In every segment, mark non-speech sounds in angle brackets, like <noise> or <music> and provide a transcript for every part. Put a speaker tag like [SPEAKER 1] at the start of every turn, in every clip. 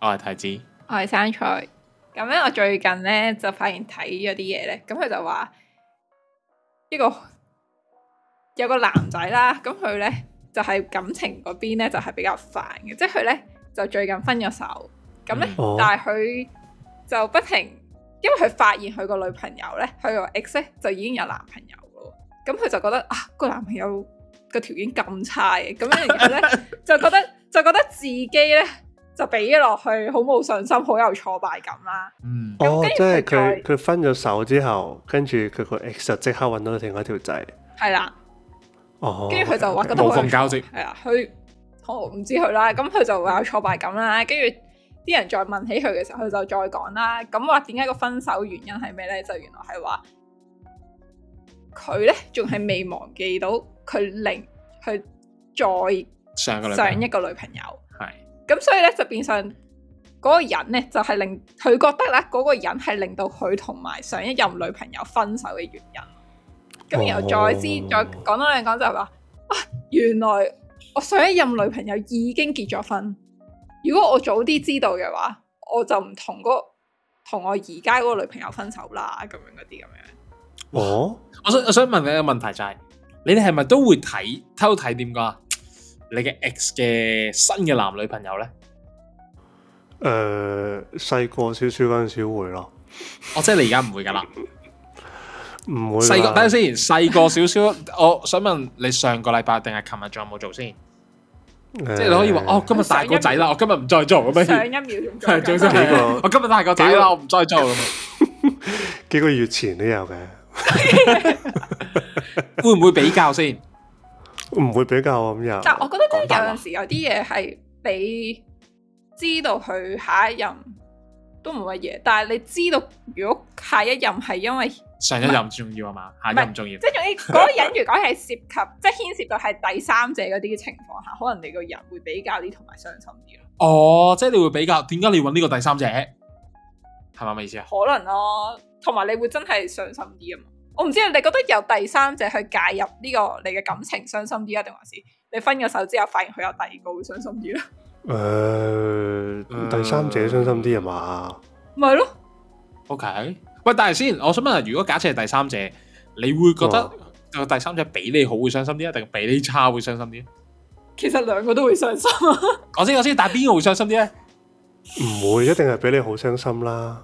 [SPEAKER 1] 我係太子，
[SPEAKER 2] 我係生菜。咁咧，我最近咧就發現睇咗啲嘢咧，咁佢就話呢個有個男仔啦，咁佢咧就係感情嗰邊咧就係比較煩嘅，即係佢咧就最近分咗手，咁咧、oh. 但係佢就不停，因為佢發現佢個女朋友咧，佢個 ex 就已經有男朋友嘅，咁佢就覺得啊個男朋友個條件咁差嘅，咁樣然後咧 <laughs> 就覺得就覺得自己咧。就俾咗落去，好冇信心，好有挫敗感啦。
[SPEAKER 3] 嗯，後哦，即係佢佢分咗手之後，跟住佢個 ex 就即刻揾到另外一條仔。係啦了，哦，跟住佢就話 okay, okay, 覺得他好。無
[SPEAKER 2] 縫交接。係啦，佢好唔知佢啦，咁佢就話有挫敗感啦。跟住啲人再問起佢嘅時候，佢就再講啦。咁話點解個分手原因係咩咧？就原來係話佢咧仲係未忘記到佢令佢再上個上一個女朋友。咁所以咧就變相嗰、那個人咧就係、是、令佢覺得咧嗰、那個人係令到佢同埋上一任女朋友分手嘅原因。咁然後再知、oh. 再講多兩講就話、是、啊，原來我上一任女朋友已經結咗婚。如果我早啲知道嘅話，我就唔同嗰同我而家嗰個女朋友分手啦。咁樣嗰啲咁
[SPEAKER 1] 樣。哦，oh. 我想我想問你一個問題就係、是，你哋係咪都會睇偷睇點噶？你嘅 ex 嘅新嘅男女朋友咧？
[SPEAKER 3] 誒，細個少少嗰陣時會咯。我即係你而家唔會噶啦，唔會。細個等陣先，細個少少，我想問你上個
[SPEAKER 1] 禮拜定係琴日仲有冇做先？
[SPEAKER 4] 即係你可以話
[SPEAKER 1] 哦，今日大個仔啦，我今日唔再做。上一秒我今日大個仔啦，我唔再做。幾個
[SPEAKER 3] 月前都有嘅，會唔會比較先？唔會比較咁樣，但係我
[SPEAKER 2] 覺得真係有陣時有啲嘢係俾知道佢下一任都唔係嘢，嗯、但係你知道如果下一任係因為
[SPEAKER 1] 上一任重要啊嘛，是下一任唔重要，即係仲
[SPEAKER 2] 要嗰個人如果係涉及即係、就是、牽涉到係第三者嗰啲情況下，可能你個人會比較啲同埋傷心啲咯。
[SPEAKER 1] 哦，即係你會比較點解你揾呢個第三者係咪咩意思啊？
[SPEAKER 2] 可能咯，同埋你會真係傷心啲啊嘛～我唔知啊！你覺得由第三者去介入呢個你嘅感情傷，傷心啲啊，定還是你分咗手之後，發現佢有第二個會傷心啲咧？誒、
[SPEAKER 3] 呃，第三者傷心啲啊嘛？
[SPEAKER 2] 咪咯
[SPEAKER 3] 了，OK。喂，但係先，我
[SPEAKER 1] 想問下，如果假設係第三者，你會覺得誒第三者比你好會傷心啲，定、哦、比你差會傷心啲？
[SPEAKER 2] 其實兩個都會傷心
[SPEAKER 1] 啊！我知， <laughs> 我知，但係邊個會傷心啲咧？
[SPEAKER 3] 唔會，一定係比你好傷心啦。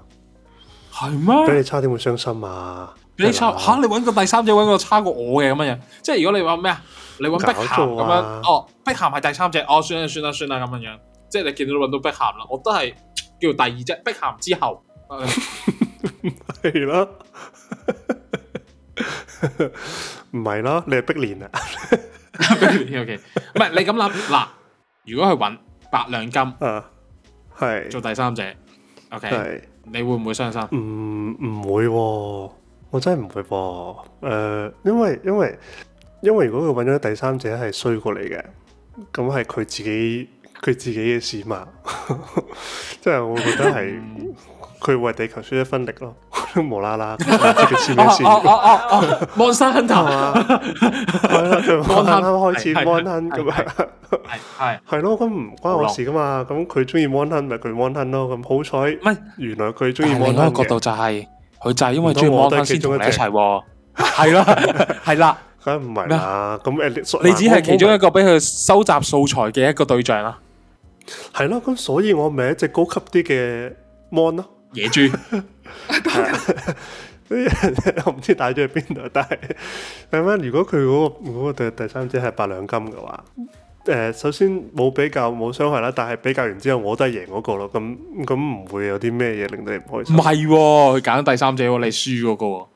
[SPEAKER 3] 係咩嗎？比你差點會傷心啊？啊、你差
[SPEAKER 1] 你揾個第三者揾個差過我嘅咁樣樣，即係如果你話咩啊，你揾碧咸咁樣，哦，碧咸係第三者，哦，算啦算啦算啦咁樣樣，即係你見到揾到碧咸啦，我都係叫第二隻碧咸之後，
[SPEAKER 3] 係、哎、咯，唔係咯，你係碧蓮啊
[SPEAKER 1] ？O K，唔係你咁諗嗱，如果去揾八両金，
[SPEAKER 3] 係、uh, 是做第三者，O、okay, K，是你會唔會傷心？唔唔、嗯、會喎、哦。我真係唔會喎，誒，因為因為因為如果佢揾咗第三者係衰過嚟嘅，咁係佢自己佢自己嘅事嘛，即係我覺得係佢為地球出一分力咯，都無啦啦，即係簽名哦哦哦 m 啊嘛 m o 開始 o n e n 咁啊，係係係咯，咁唔關我事噶嘛，咁佢中意 o n e 咪佢 o n e 咯，咁好彩，原來佢中意 o n e 角度
[SPEAKER 1] 就係。佢就係因為中意 mon 先同你一齊，啊啊啊
[SPEAKER 3] 啊啊，係啦，係啦，梗唔係啦，咁你只係其中一
[SPEAKER 1] 個俾佢收集素材嘅一個對象啦，
[SPEAKER 3] 係咯，咁所以我咪一隻高級啲嘅 mon 咯，野豬，我唔知帶咗去邊度，但係慢慢如果佢嗰個個第第三者係八兩金嘅話。誒，首先冇比較冇傷害啦，但係比較完之後，我都係贏嗰個咯。咁咁唔會有啲咩嘢令到你唔開心？唔係喎，佢揀第三者喎，你輸嗰、嗰個。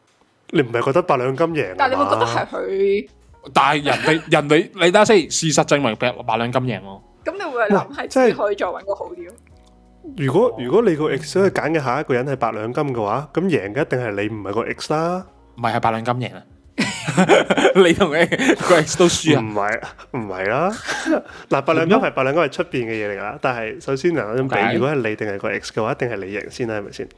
[SPEAKER 3] 你唔係覺得八兩金贏？
[SPEAKER 1] 但係你會覺得係
[SPEAKER 2] 佢？
[SPEAKER 3] 但係人哋 <laughs> 人哋你睇先，事實證明八八兩金贏咯。
[SPEAKER 2] 咁你會諗係真係可以再揾個
[SPEAKER 3] 好啲、啊？如果如果你個 X 走去揀嘅下一個人係八兩金嘅話，咁贏嘅一定係你，唔係個 X 啦，唔係係八兩金贏啊！ <laughs> 你同個 X 都輸，唔係唔係啦，嗱，八兩金係八兩金，係出邊嘅嘢嚟噶啦，但係首先嗱，Okay. 如果係你定係個 X 嘅話，一定係你贏先啦，係咪先？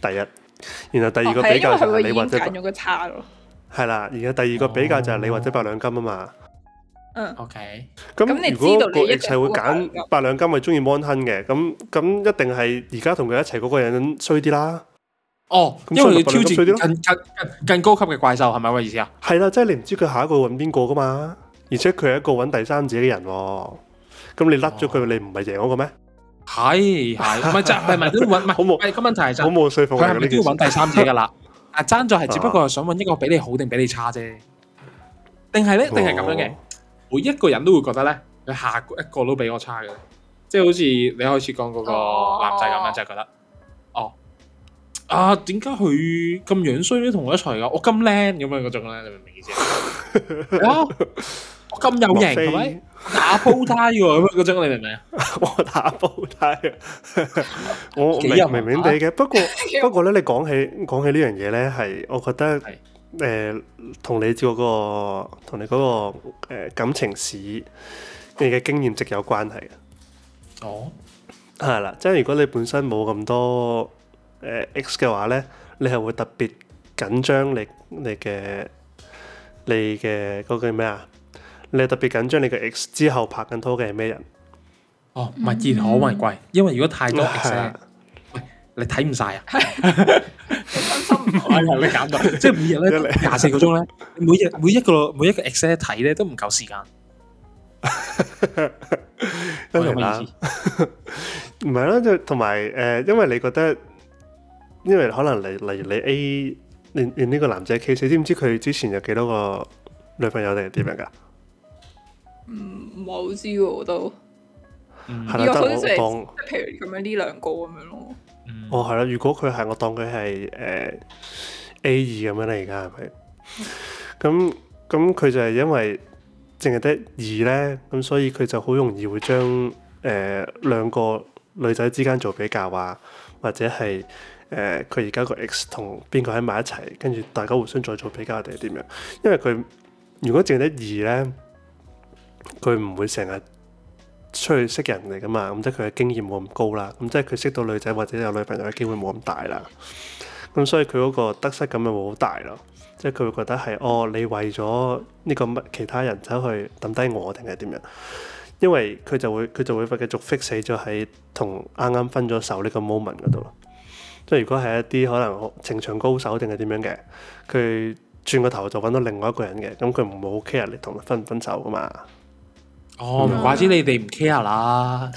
[SPEAKER 3] 第一，然後第二個比較就係你或者用、哦、個差咯、啊，係啦， <laughs> 然後第二個比較就係你或者八兩金啊嘛。嗯、哦、
[SPEAKER 2] ，OK。咁如果個 X 係會揀
[SPEAKER 3] 八兩金，咪中意 MonHunt 嘅？咁咁一定係而家同佢一齊嗰個人衰啲啦。哦，因為佢要挑戰更更更高級嘅怪獸係咪咁意思啊？係啦，即係你唔知佢下一個揾邊個噶嘛，而且佢係一個揾第三者嘅人，咁你甩咗佢，哦、你唔係贏嗰個咩？係
[SPEAKER 1] 係，唔係就唔係，都揾好冇。誒，個問題係好冇說服你都要揾第三者噶啦。啊，贊助係只不過係想揾一個比你好定比你差啫，定係咧？定係咁樣嘅？哦、每一個人都會覺得咧，佢下一個都比我差嘅，即係好似你開始講嗰個男仔咁樣，哦、就係覺得。啊！點解佢咁樣衰咧？同我一齊噶，我咁靚咁樣嗰種咧，你明唔明意思啊？我咁
[SPEAKER 3] 有型係咪？打鋪胎喎咁樣嗰種，你明唔明啊？我打鋪胎，我幾又明明地嘅。不過不過咧，你講起講起呢樣嘢咧，係我覺得誒，同你照嗰個同你嗰個誒感情史你嘅經驗值有關係嘅。哦，係啦，即係如果你本身冇咁多。誒 X 嘅話咧，你係會特別緊張你你嘅你嘅嗰句咩啊？你係特別緊張你個 X 之後拍緊拖嘅係咩人？
[SPEAKER 1] 哦，唔係熱火，唔係
[SPEAKER 3] 貴，因為如果太多 X，你睇唔晒啊！真心唔係由你
[SPEAKER 1] 揀到，即係每日咧廿四個鐘咧，每日每一個每一個 X 咧睇咧都唔夠時間。都
[SPEAKER 3] 用啦！唔係啦，就同埋誒，因為你覺得。因為可能你，例如你 A，連連呢個男仔 case，知唔知佢之前有幾多個女朋友定係點
[SPEAKER 2] 樣噶？唔唔、嗯、係好知喎，我都
[SPEAKER 3] 係咯。得我當
[SPEAKER 2] 說，譬如咁樣呢兩個咁樣
[SPEAKER 3] 咯。嗯、哦，係啦。如果佢係我當佢係誒 A 二咁樣咧，而家係咪？咁咁佢就係因為淨係得二咧，咁所以佢就好容易會將誒兩個女仔之間做比較啊，或者係。誒，佢而家個 ex 同邊個喺埋一齊，跟住大家互相再做比較定係點樣？因為佢如果淨得二咧，佢唔會成日出去識人嚟噶嘛，咁即係佢嘅經驗冇咁高啦，咁即係佢識到女仔或者有女朋友嘅機會冇咁大啦。咁所以佢嗰個得失感咁樣會好大咯，即係佢會覺得係哦，你為咗呢、呢個乜其他人走去抌低我定係點樣？因為佢就會佢就會繼續 fix 死咗喺同啱啱分咗手呢個 moment 嗰度咯。即係如果係一啲可能情場高手定係點樣嘅，佢轉個頭就揾到另外一個人嘅，咁佢唔會好 care 你同佢分唔分手噶嘛？
[SPEAKER 1] 哦，唔、嗯、怪之
[SPEAKER 3] 你哋唔 care 啦。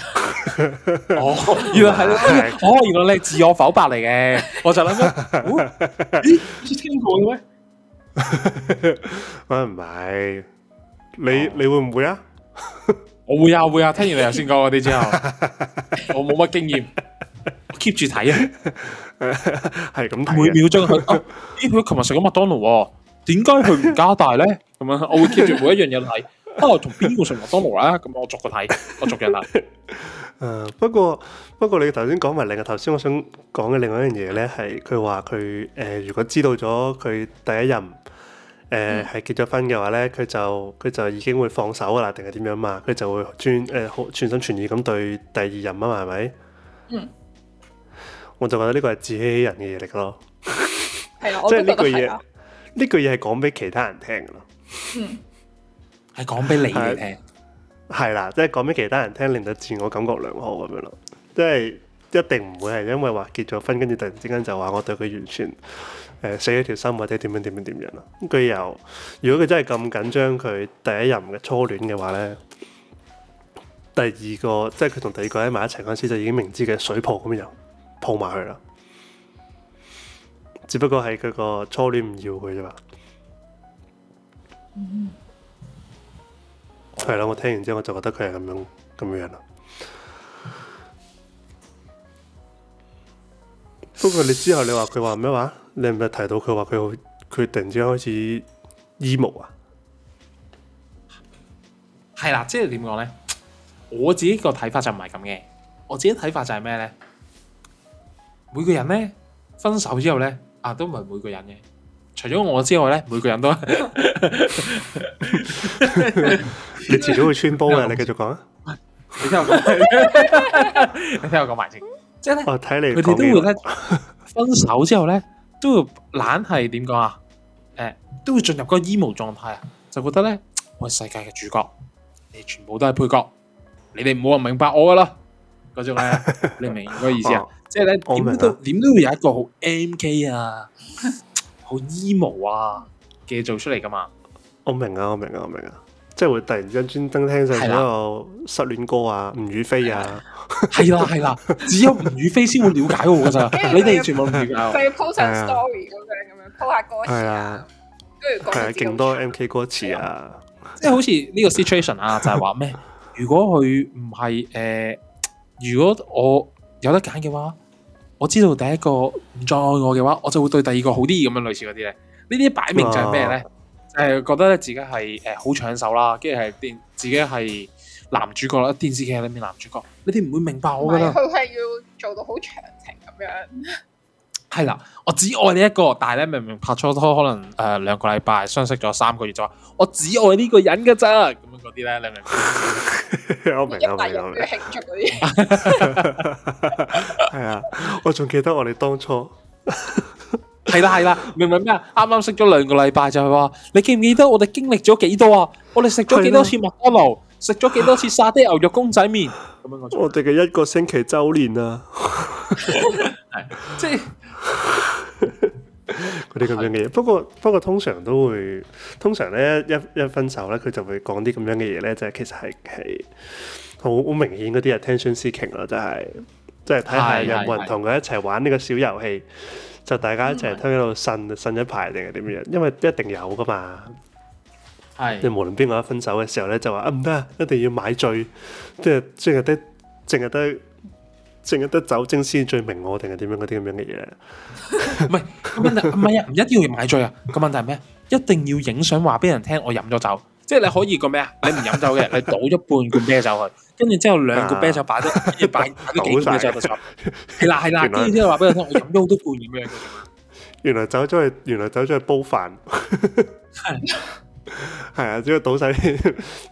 [SPEAKER 3] <laughs> 哦，
[SPEAKER 1] 原
[SPEAKER 4] 來係咯，
[SPEAKER 3] 是哦，原來你係自我否白嚟嘅，我就諗咗、哦，咦，好似聽過嘅咩？唔係， <laughs> 你你會
[SPEAKER 1] 唔會，啊、 <laughs> 會啊？我會啊會啊，聽完你頭先講嗰啲之後，我冇乜經驗。keep 住睇啊，係咁，每秒將佢咦？佢琴日食咗麥當勞啊？點解佢唔加大咧？咁樣我會 keep 住每一樣嘢嚟、啊，啊，同邊個食麥當勞啊？咁我逐個睇，我逐人啦。誒，
[SPEAKER 3] 不過不過你頭先講埋另外，頭先我想講嘅另外一樣嘢咧，係佢話佢誒，如果知道咗佢第一任誒係結咗婚嘅話咧，佢就佢就已經會放手噶啦，定係點樣嘛？佢就會全誒好全心全意咁對第二任啊嘛，係咪？
[SPEAKER 4] 嗯。
[SPEAKER 3] 我就覺得呢個係自欺欺人嘅嘢嚟咯，即係呢句嘢，呢句嘢係講俾其他人聽噶咯係講俾你聽，係啦，即係講俾其他人聽，令到自我感覺良好咁樣咯。即係一定唔會係因為話結咗婚，跟住突然之間就話我對佢完全誒死咗條心或者點樣點樣點樣啦。咁佢又如果佢真係咁緊張佢第一任嘅初戀嘅話咧，第二個即係佢同第二個喺埋一齊嗰時就已經明知嘅水泡咁樣。抱埋佢啦，只不過係佢個初戀唔要佢啫嘛。嗯，係啦，我聽完之後我就覺得佢係咁樣咁樣咯。不過你之後你話佢話咩話？你係咪提到佢話佢佢突然之間開始 emo 啊？
[SPEAKER 1] 係啦，即係點講咧？我自己個睇法就唔係咁嘅。我自己睇法就係咩咧？每個人咧分手之後咧啊，都唔係每個人嘅，除咗我之外咧，每個人都 <laughs> <laughs>
[SPEAKER 3] 你遲早會穿煲嘅，我你繼續講
[SPEAKER 1] 啊！你聽我講， <laughs> 你聽我講埋先，即係 <laughs> 我睇你佢哋都會咧分
[SPEAKER 3] 手之後咧，都會懶係點
[SPEAKER 1] 講啊？誒、呃，都會進入嗰個 emo 狀態啊，就覺得咧我係世界嘅主角，你哋全部都係配角，你哋唔好話明白我噶啦。嗰種咧，你明唔明個意思啊？即係咧，點都點都會有一個好 MK 啊，好
[SPEAKER 3] emo 啊嘅做出嚟噶嘛？我明啊，我明啊，我明啊！即係會突然之間專登聽晒所有失戀歌啊，吳雨霏啊，係啦係啦，只有吳雨霏先會了解我噶咋，你哋全部唔了解啊！又要 po 上 story 咁樣咁樣 po 下歌詞啊，跟住係啊，勁多 MK 歌詞啊！即係好似呢個 situation
[SPEAKER 1] 啊，就係話咩？如果佢唔係誒。如果我有得揀嘅話，我知道第一個唔再愛我嘅話，我就會對第二個好啲咁樣，類似嗰啲咧。呢啲擺明就係咩咧？誒，啊、覺得咧自己係誒好搶手啦，跟住係電自己係男主角啦，電視劇裏面男主角。你哋唔會明白我噶啦。佢係要做到好長情咁樣。係啦，我只愛呢、這、一個，但係咧明明拍拖都可能誒兩個禮拜相識咗三個月左右就話我只愛呢個人噶咋。
[SPEAKER 3] 啲咧，你明， <laughs> 我明？我明，我明，我明。一排人嗰啲。係啊，我仲記得我哋當初。 <laughs> <laughs> 係啦，係啦，明唔明咩
[SPEAKER 1] 啊？啱啱識咗兩個禮拜就係話，你記唔記得我哋經歷咗幾多啊？我哋食咗幾多次麥
[SPEAKER 3] 當勞，食咗幾多次沙爹牛肉公仔麵。咁樣我我哋嘅一個星期周年啊！
[SPEAKER 4] 係，即係。
[SPEAKER 3] 嗰啲咁樣嘅嘢，是不過不過通常都會，通常咧一一分手咧，佢就會講啲咁樣嘅嘢咧，即係其實係係好好明顯嗰啲係 attention seeking 咯，即係即係睇下有冇人同佢一齊玩呢個小遊戲，是是就大家一齊喺度呻呻一排定係點樣，因為一定有噶嘛，係即係無論邊個一分手嘅時候咧，就話啊唔得，一定要買醉，即係即係都成淨係得酒精先最明我定係點樣嗰啲咁樣嘅嘢？
[SPEAKER 1] 唔係， <laughs> 唔係啊，唔一定要買醉啊。個問題係咩？一定要影相話俾人聽
[SPEAKER 3] 我飲咗酒，即係你可以個咩啊？ <laughs> 你唔飲酒嘅，你倒咗半罐啤酒去，跟住之後兩個啤酒擺咗擺擺咗幾酒度出。係啦係啦，跟住之後話俾人
[SPEAKER 1] 聽我飲咗好多罐咁樣 <laughs> 。
[SPEAKER 3] 原來走咗去，原來走咗去煲飯。係啊，只要倒晒，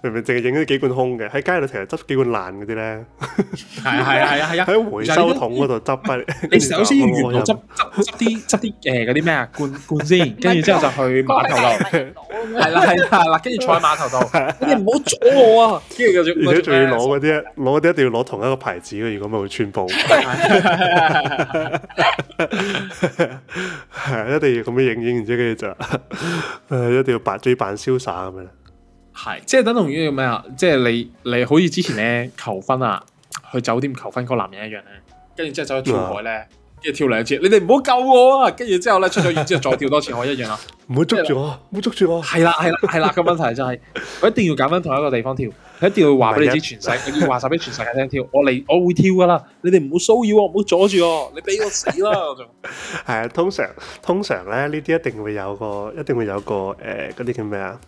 [SPEAKER 3] 明明淨係影啲幾罐空嘅，喺街度成日執幾罐爛嗰啲咧。係啊係啊係啊係啊，喺回收桶嗰度執翻。你首先要沿途執啲執啲誒嗰啲咩啊罐罐先，跟住之後就去碼頭度。
[SPEAKER 1] 係啦係啦係啦，跟住坐喺碼頭度。你唔好阻我啊！跟住仲而且仲要攞嗰
[SPEAKER 3] 啲，攞嗰啲一定要攞同一個牌子嘅，如果唔係會穿幫。係一定要咁樣影影，然之後就一定要扮追扮瀟灑咁樣，係即係等同於咩
[SPEAKER 1] 啊？即係你你好似之前咧求婚啊，去酒店求婚個男人一樣咧，跟住之後走去跳海咧。嗯。一跳兩次，你哋唔好救我啊！跟住之後咧，出咗院之後再跳多次，我一樣啊！唔好捉住我，唔好捉住我。係啦係啦係啦，個問題就係我一定要揀翻同一個地方跳，我一定要話俾你知全世界，我要話晒俾全世界聽跳。我嚟，我會跳噶啦！你哋唔好騷
[SPEAKER 3] 擾我，唔好阻住我，你
[SPEAKER 1] 俾我死
[SPEAKER 3] 啦！係啊，通常通常咧呢啲一定會有個，一定會有個誒嗰啲叫咩啊？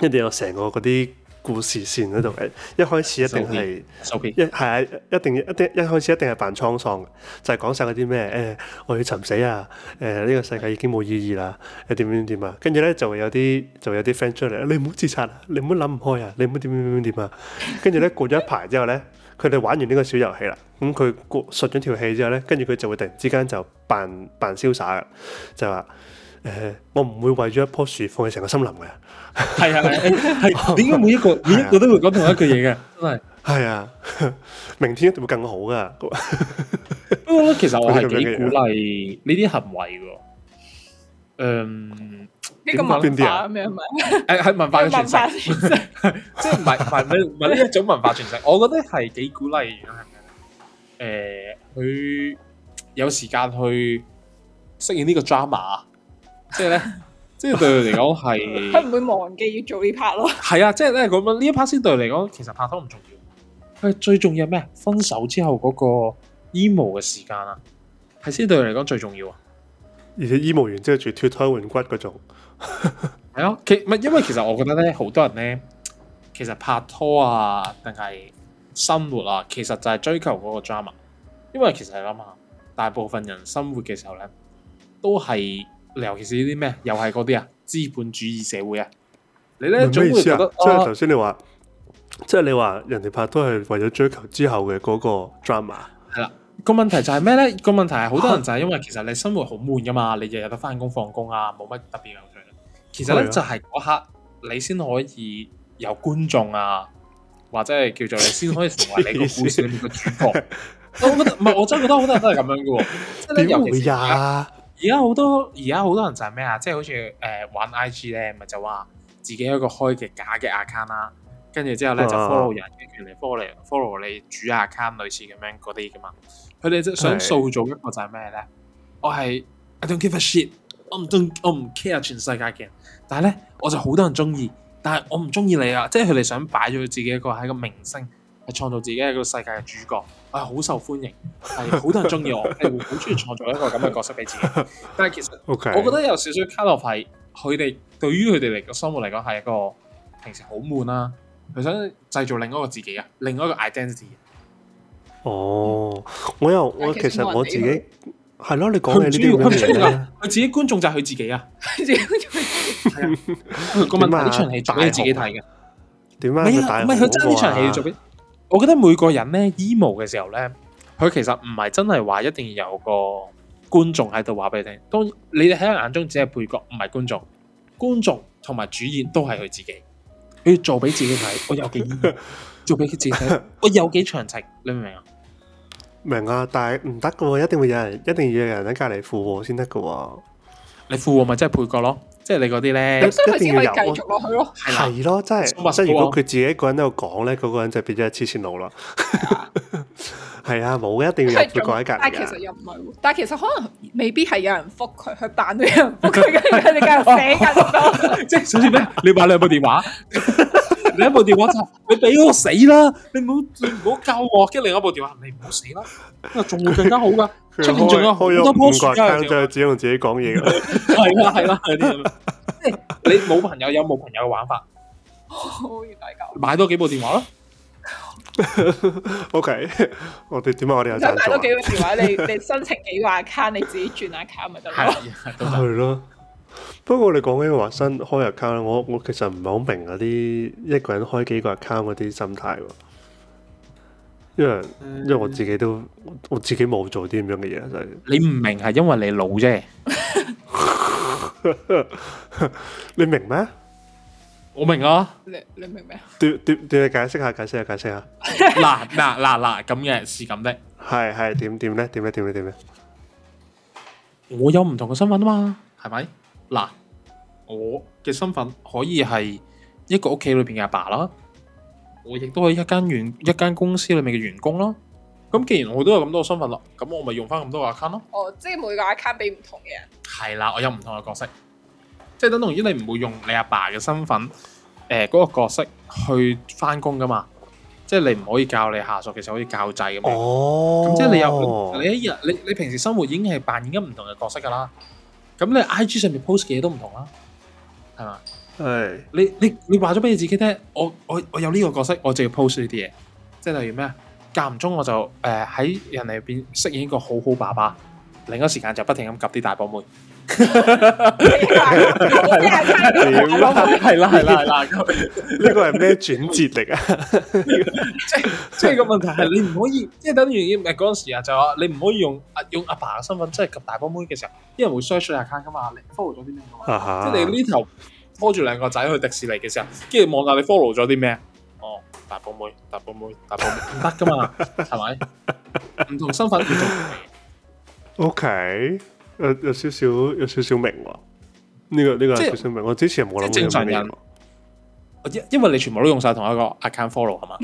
[SPEAKER 3] 一定有成個嗰啲。故事線嗰度，一開始一定係，so so、一係啊，一定一定一開始一定係扮滄桑嘅，就係、是、講晒嗰啲咩誒，我要尋死啊！誒、欸，呢、這個世界已經冇意義啦，誒點點點啊！跟住咧就會有啲就有啲 friend 出嚟，你唔好自殺、啊，你唔好諗唔開啊，你唔好點點點點啊！跟住咧過咗一排之後咧，佢哋玩完呢個小遊戲啦，咁佢過順咗條氣之後咧，跟住佢就會突然之間就扮扮瀟灑嘅，就話。誒，我唔會為咗一棵樹放棄成個森林嘅。
[SPEAKER 4] 係啊， <laughs> 係點解每一個我我、 <laughs> 啊、都會講同一句嘢嘅？真
[SPEAKER 3] 係係啊，明天一定會更好噶。不 <laughs> 過其實我係幾鼓勵呢啲行為嘅。
[SPEAKER 1] 嗯，呢個文化咩啊？誒，係文化嘅傳承，即係唔係唔係唔係呢一種文化傳承。 <laughs> 我覺得係幾鼓勵，誒、呃，佢有時間去適應呢個 drama。即係咧，即係 <laughs> 對佢嚟講係佢
[SPEAKER 2] 唔會忘記要做呢 part 咯。
[SPEAKER 1] 係啊，即係咧，咁樣呢一 part 先對佢嚟講，其實拍拖唔重要。佢最重要係咩？分手之後嗰個 emo 嘅時間啊，係先對佢嚟講最重要，
[SPEAKER 3] 就是， <laughs> 是啊。而且 emo 完之後，仲脫胎換骨嗰種
[SPEAKER 1] 係咯。其係因為其實我覺得咧，好多人咧，其實拍拖啊，定係生活啊，其實就係追求嗰個 drama。因為其實你諗下，大部分人生活嘅時候咧，都係。尤其是呢啲咩，又係嗰啲啊，資本主義社會啊，
[SPEAKER 3] 你咧總會覺得、啊、即係頭先你話，即係你話人哋拍拖都係為咗追求之後嘅嗰個 drama。係啦，個問題就係咩咧？個問題係
[SPEAKER 1] 好多人就係因為其實你生活好悶噶嘛，你日日都翻工放工啊，冇乜特別有趣。其實咧、啊、就係嗰刻，你先可以有觀眾啊，或者係叫做你先可以成為你個故事裏面嘅主角。 <laughs> 我覺得唔係，我真係覺得好多人都係咁樣嘅喎、啊，點會呀、啊？而家好多，而家好多人就係咩啊？即係好似誒、呃、玩 IG 咧，咪就話自己一個開嘅假嘅 account 啦，跟住之後咧就 follow 人嘅權利、啊、follow follow 你主 account 類似咁樣嗰啲噶嘛。佢哋就想塑造一個就係咩咧？我係 I don't give a shit，我唔我唔 care 全世界嘅人，但係咧我就好多人中意，但係我唔中意你啊！即係佢哋想擺咗佢自己一個係個明星，係創造自己一個世界嘅主角。啊，好受歡迎，係好多人中意我，係會好中意創造一個咁嘅角色俾自己。但係其實，我覺得有少少卡洛係佢哋對於佢哋嚟個生活嚟講係一個平時好悶啦，佢想製造另一個自己啊，另一個 identity。
[SPEAKER 3] 哦，我又我其實我自己係咯，你講嘅呢啲咁佢
[SPEAKER 1] 自己觀眾就係佢自己啊，個問題場戲打係自己睇嘅，
[SPEAKER 3] 點解
[SPEAKER 1] 要打？唔係佢爭啲場戲做嘅。我覺得每個人咧，emo 嘅時候咧，佢其實唔係真係話一定要有個觀眾喺度話俾你聽。當你哋喺人眼中只係配角，唔係觀眾。觀眾同埋主演都係佢自己。你做俾自己睇，我有幾 emo 做俾自己睇，我有幾長情， <laughs> 你明唔明啊？
[SPEAKER 3] 明啊，但係唔得㗎，一定會有人，一定要有人喺隔籬附和先得㗎。你附和咪真係配角咯。即係你嗰啲咧，佢繼續一定要有，係咯吧，即係，即係如果佢自己一個人喺度講咧，嗰、嗰個人就變咗黐綫佬啦。係啊，冇 <laughs> 一定要有
[SPEAKER 2] 佢改一格。但其實又唔係，但係其實可能未必係有人覆佢，佢扮到有人覆佢，佢哋咁樣寫緊。
[SPEAKER 1] 即係首先咧，你買兩部電話。你一部電話就，你俾我死啦，你唔好你唔好救我，跟住另一部電話你唔好死啦，仲會更加好噶，出面仲有好開了多 po 卡，真
[SPEAKER 3] 係只用自己講嘢，
[SPEAKER 1] 係啦係啦，啲你冇朋友有冇朋友嘅玩法，可以大家買
[SPEAKER 3] 多幾部電話咯 <laughs> ，OK，我哋點解？我哋
[SPEAKER 1] 又買多幾
[SPEAKER 2] 部電話，你你申請幾個 account，你自己轉 account 咪
[SPEAKER 3] 得咯，係咯。 <laughs> <laughs> 不過你講起華生開 account 咧，我我其實唔係好明嗰啲一個人開幾個 account 嗰啲心態喎，因為因為我自己都我自己冇做啲咁樣嘅嘢。就係你唔明係因為你老啫，你明咩？我明啊，你你明咩？點點點，你解釋下，解釋下，解釋下。嗱嗱嗱嗱，咁嘅是咁的，係係點點咧？點咧？點咧？點咧？我有唔同嘅身份啊嘛，係咪？
[SPEAKER 1] 嗱，我嘅身份可以係一個屋企裏邊嘅阿爸啦，我亦都可以一間員一間公司裏面嘅員工啦。咁既然我都有咁多個身份啦，咁我咪用返咁多個 account 咯。
[SPEAKER 2] 哦，即係每個 account 俾唔同嘅人。
[SPEAKER 1] 係啦，我有唔同嘅角色，即係等同於你唔會用你阿爸嘅身份，誒、呃、嗰、那個角色去返工㗎嘛。即係你唔可以教你下屬，其實可以教仔咁樣。哦，咁
[SPEAKER 4] 即係你有你一
[SPEAKER 1] 日，你你平時生活已經係扮演緊唔同嘅角色㗎啦。咁你 I G 上面 post 嘅嘢都唔同啦，係嘛？係 Hey. 你你你話咗俾你自己聽，我我我有呢個角色，我就要 post 呢啲嘢，即係例如咩，間唔中我就誒喺、呃、人哋入邊飾演一個好好爸爸，另一個時間就不停咁夾啲大波妹。.
[SPEAKER 3] 係啦，係啦，係啦。呢個係咩轉折力啊？即係個問題係你唔可以，
[SPEAKER 1] 即係等於嗰陣時啊，就話、是、你唔可以用阿用阿爸嘅身份，即係及大波妹嘅時候，啲人會 search 你 account 噶嘛？你 follow 咗啲咩？即係呢頭拖住兩個仔去迪士尼嘅時候，跟住望下你 follow 咗啲咩？哦，大波妹，大波妹，大波妹，唔得噶嘛？係咪？
[SPEAKER 3] 唔同身份叫做 <laughs> <laughs> <laughs> OK。有有少少有少少明喎，呢個呢個少少明。我之前冇諗正常人，因因為你全部都用晒同一個
[SPEAKER 1] account follow 係嘛？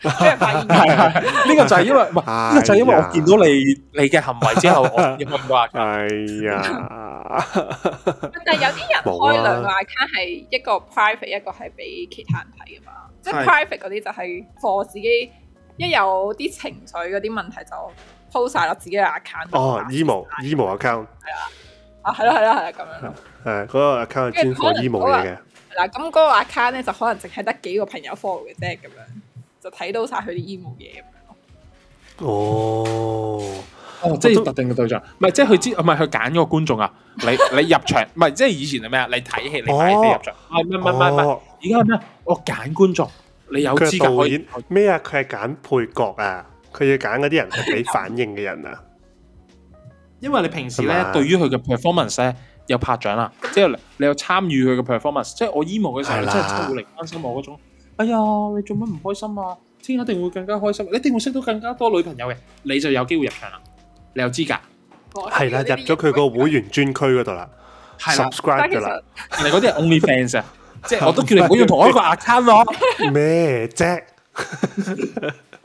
[SPEAKER 1] 係係，呢個就係因為唔係，呢個就因為我見到你你嘅行為之後，我要問話。係
[SPEAKER 2] 啊，但係有啲人開兩個 account 係一個 private，一個係俾其他人睇㗎嘛。即係 private 嗰啲就係 for 自己，一有啲情緒嗰啲問題就。鋪晒咯，自己嘅 account
[SPEAKER 3] 哦，emo，emo account 係啊，啊係咯係咯係啊，咁樣係嗰個 account 專做 emo 嘢嘅。
[SPEAKER 2] 嗱，咁嗰個 account 咧就可能淨係得幾個朋友 follow 嘅啫，咁樣就睇到晒佢啲 emo 嘢咁樣咯。
[SPEAKER 3] 哦，
[SPEAKER 1] 哦，即係特定嘅對象，唔係即係佢知，唔係佢揀嗰個觀眾啊？你你入場唔係即係以前係咩啊？你睇戲你睇戲入場，唔係唔係唔係唔係，而家係咩？我揀觀眾，
[SPEAKER 3] 你有資格演咩啊？佢係揀配角啊！佢要揀嗰啲人係俾反應嘅人啊，
[SPEAKER 1] 因為你平時咧對於佢嘅 performance 咧有拍掌啦，即係你有參與佢嘅 performance，即係我 emo 嘅時候，即係會嚟關心我嗰種。哎呀，你做乜唔開心啊？聽日一定會更加開心，你一定會識到更加多女朋友嘅，你就有機會入
[SPEAKER 3] 場啦，你有資格，係啦，哦，入咗佢個會員專區嗰度啦，subscribe 咗啦。原來嗰啲係 only fans 啊，即
[SPEAKER 2] 係我都叫你唔好
[SPEAKER 1] 用同一個 account 咯，啊。咩啫？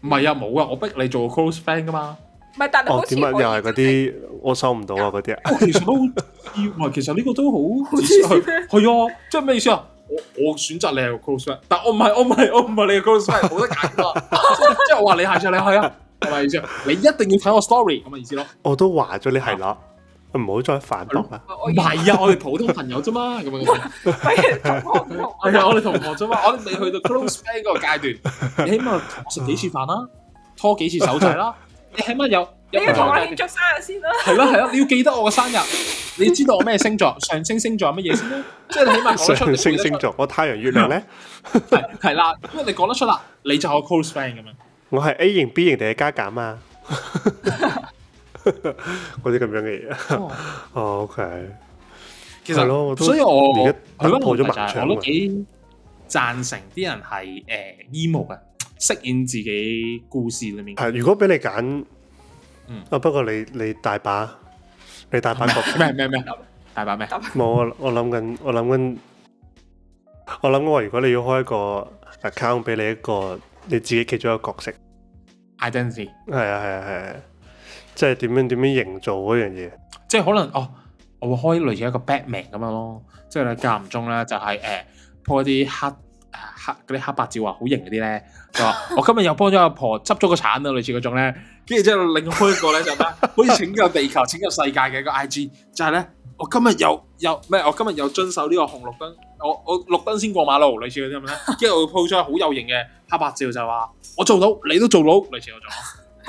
[SPEAKER 1] 唔係啊，冇啊，我逼你做個 close friend 噶嘛。唔
[SPEAKER 2] 係，但係哦，點解又係
[SPEAKER 1] 嗰啲？欸、我收唔
[SPEAKER 3] 到啊，嗰啲啊。些其實都要，唔係，其實呢個都好。 <laughs> 意
[SPEAKER 1] 思咩？係啊，即係咩意思啊？我我選擇你係個 close friend，但我唔係，我唔係，我唔係你嘅 close friend，好得解啊。即係我話你係就你係啊，
[SPEAKER 3] 係咪意思啊？你一定要睇我 story 咁嘅意思咯。我都話咗你係啦。唔好再煩惱啊！唔係 <laughs>
[SPEAKER 1] 啊，我哋普通朋友啫嘛，咁 <laughs> 樣係 <laughs> 啊，不我哋同學啫嘛，我哋未去到 close friend 嗰個階段。你起碼食幾次飯啦，拖幾次手仔啦，你起碼有呢個同我慶祝
[SPEAKER 2] 生日先啦、啊。係咯係咯，
[SPEAKER 1] 你要記得我嘅生， <laughs> 生日，你知道我咩星座，上升星座乜嘢先啦？即係
[SPEAKER 2] 起碼講出嚟。上升
[SPEAKER 3] 星座，我太陽月亮咧？
[SPEAKER 1] 係係啦，因為你講得出啦，你就我 close friend 咁樣。
[SPEAKER 3] 我係 A 型 B 型定係加減啊？ <laughs> 嗰啲咁樣嘅嘢，哦，OK，其實，咯都所以我而家打破咗白牆，我都幾
[SPEAKER 1] 贊成啲人係，誒，依木
[SPEAKER 3] 啊，飾演自己故事裏面係。如果俾你揀，嗯，啊，不過你你大把，你大把角咩咩咩，大把咩？冇，我我諗緊，我諗緊，我諗我話，如果你要開一個 account，俾你一個你自己其中一個角色 identity，係啊，係啊，係啊。即係點樣點樣營造嗰樣嘢？
[SPEAKER 1] 即係可能哦，我會開類似一個 Batman 咁樣咯。即係你間唔中咧，就係、是、誒，鋪、一啲黑誒黑啲黑，黑白照啊，好型嗰啲咧。就話 <laughs> 我今日又幫咗阿婆執咗個鏟啊，類似嗰種咧。跟住之後另開一個咧 <laughs> 就咩？可以拯救地球、拯救世界嘅一個 IG。就係咧，我今日又又咩？我今日又遵守呢個紅綠燈，我我綠燈先過馬路，類似嗰啲咁咧。跟住我 po 出好有型嘅黑白照，就係話我做到，你都做到，類似嗰種。 <laughs>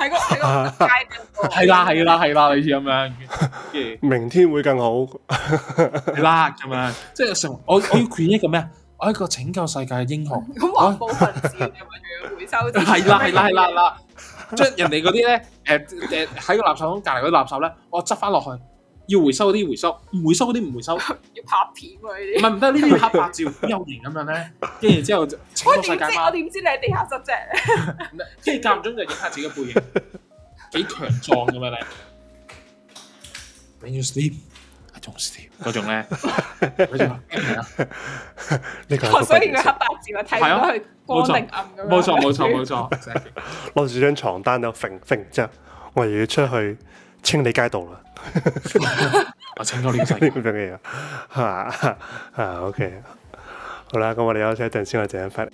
[SPEAKER 1] 係個係個階段。係啦，係啦，係啦，類似咁樣。明天會更好，係啦咁樣，即係成我我要 create 個咩啊？我一個拯救世界嘅英雄。咁環保分子嘅話，仲要回收？係啦，係啦，係啦啦，我，人哋嗰啲咧，誒、誒，喺個垃圾桶隔籬嗰啲垃圾咧，我執翻落去。要回收嗰啲回收，唔回收嗰啲唔回收。要拍片啊！啲唔係唔得，呢啲拍拍照悠然咁樣咧，跟住之後就。我點知？我
[SPEAKER 2] 點知你喺地下室啫？跟
[SPEAKER 1] 住間中就影下自己背影，幾強壯咁樣！你。When you sleep，仲笑嗰種咧？嗰種係啊！我所以影黑白照，睇到
[SPEAKER 2] 佢光定暗咁樣。冇錯冇錯冇錯，
[SPEAKER 3] 攞住張床單就揈揈之後，我又要出去。清理街道啦！我清理晒啲咁嘅嘢，係嘛、 <laughs> 啊？啊，OK，好啦，咁我哋休息一陣先，我哋陣間翻嚟。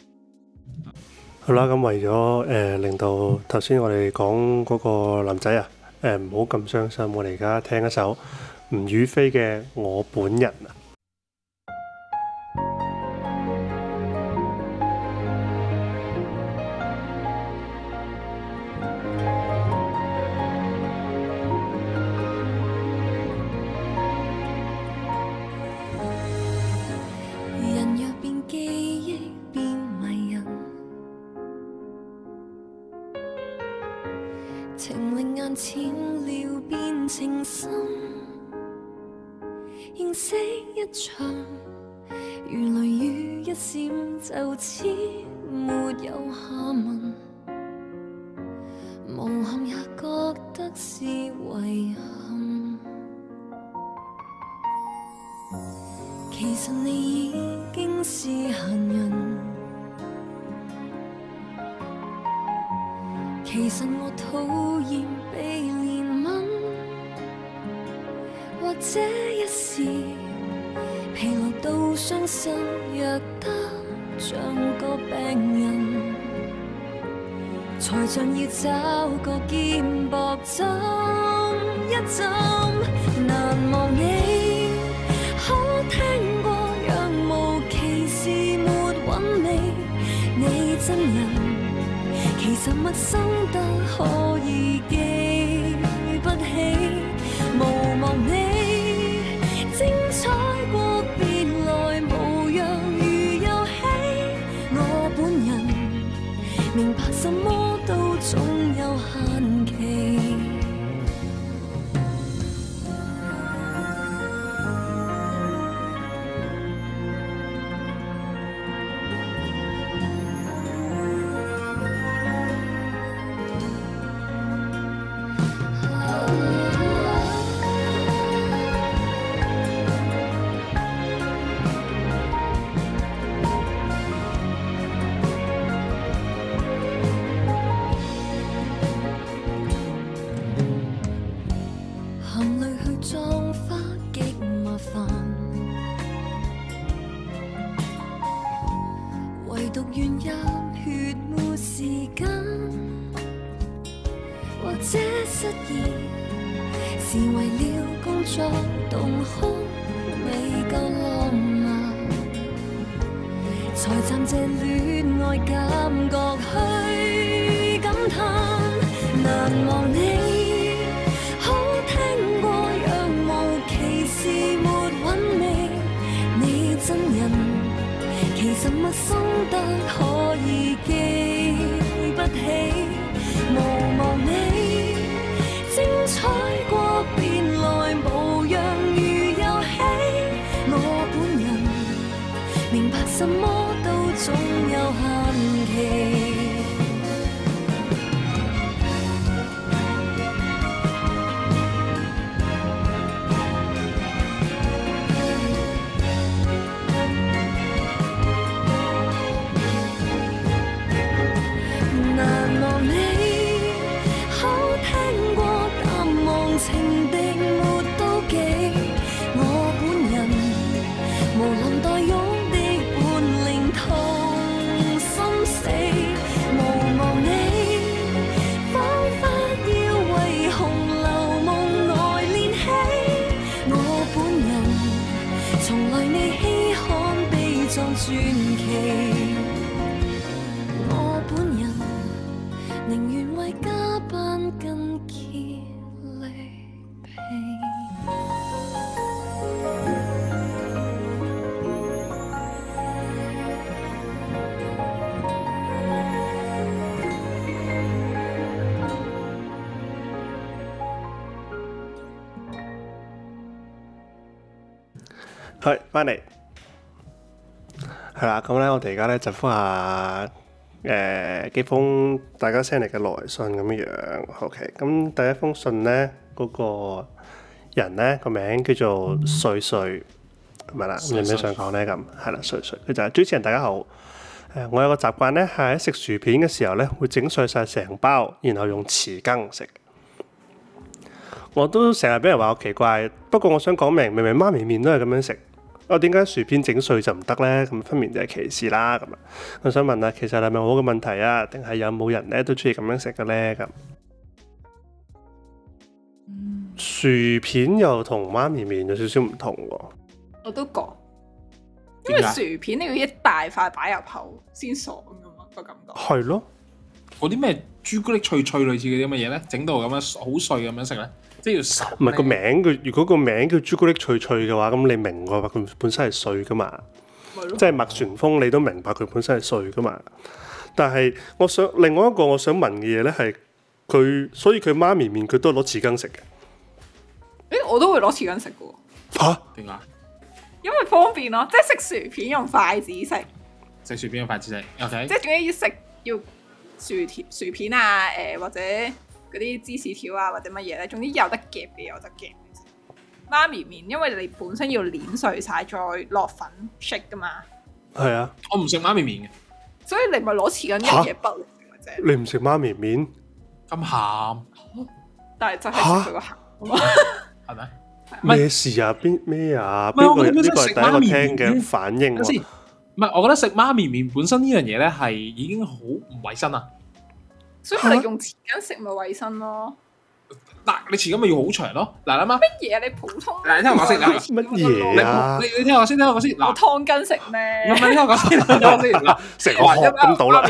[SPEAKER 3] 好啦，咁為咗誒、呃、令到頭先我哋講嗰個男仔啊，誒唔好咁傷心，我哋而家聽一首吳雨霏嘅《我本人》啊。
[SPEAKER 5] 情令眼淺了變情深，認識一場，如雷雨一閃，就此沒有下文。
[SPEAKER 3] 係，返嚟。係、呃、啦，咁咧，我哋而家咧就覆下誒幾封大家 send 嚟嘅來信咁樣樣。OK，咁第一封信咧，嗰、那個人咧個名叫做瑞瑞，唔係啦，你有咩想講咧？咁係啦，瑞瑞佢就係主持人，大家好。誒，我有個習慣咧，係喺食薯片嘅時候咧，會碎整碎晒成包，然後用匙羹食。我都成日俾人話我奇怪，不過我想講明，明明媽咪麵都係咁樣食。我點解薯片整碎就唔得咧？咁分明就係歧視啦！咁啊，我想問下，其實係咪我嘅問題啊，定係有冇人咧都中意咁樣食嘅咧？咁、嗯、薯片又同媽咪麵有少少唔同喎。
[SPEAKER 2] 我都講，因為薯片你要一大塊擺入口先爽咁樣個
[SPEAKER 3] 感覺。係咯，嗰啲咩朱
[SPEAKER 1] 古力脆脆類似嗰啲乜嘢咧？整到咁樣好碎咁樣食咧？唔係個
[SPEAKER 3] 名佢，如果個名叫朱古力脆脆嘅話，咁你明我話？佢本身係碎噶嘛，即係麥旋風，你都明白佢本身係碎噶嘛？但係我想另外一個我想問嘅嘢咧，係佢所以佢媽咪面佢都係攞紙巾食
[SPEAKER 6] 嘅。誒，我都
[SPEAKER 2] 會攞紙巾食嘅。
[SPEAKER 3] 嚇、啊？點解？
[SPEAKER 2] 因為方便咯，即係食薯片用筷子食。食
[SPEAKER 1] 薯片用筷子食。O、OK、K。即係
[SPEAKER 2] 點解要食要薯薯片啊？誒、呃、或者。嗰啲芝士條啊或者乜嘢咧，總之有得夾嘅有得夾，夾。媽咪麵，因為你本身要碾碎晒再落粉食噶嘛。
[SPEAKER 3] 係啊，我唔食媽咪麵
[SPEAKER 2] 嘅。所以你咪攞匙羹一嘢畢嚟食。
[SPEAKER 3] 你唔食媽咪麵咁
[SPEAKER 2] 鹹，鹹啊、但係就係佢個鹹係咪
[SPEAKER 3] 咩事啊？邊咩啊？邊個呢個食媽咪麵嘅反應？
[SPEAKER 1] 唔係，我覺得食媽咪麵本身呢樣嘢咧係已經好唔衞生啊！所以哋
[SPEAKER 2] 用匙羹食咪衞生咯？
[SPEAKER 1] 嗱，你匙羹咪要好長咯？嗱，阿媽
[SPEAKER 2] 乜嘢你普通？嗱，你聽我講
[SPEAKER 1] 先，嗱，乜嘢啊？你
[SPEAKER 2] 你聽我先，聽我講先。嗱，湯羹食咩？唔係聽我講
[SPEAKER 1] 先，聽我講先。成個咁倒啦。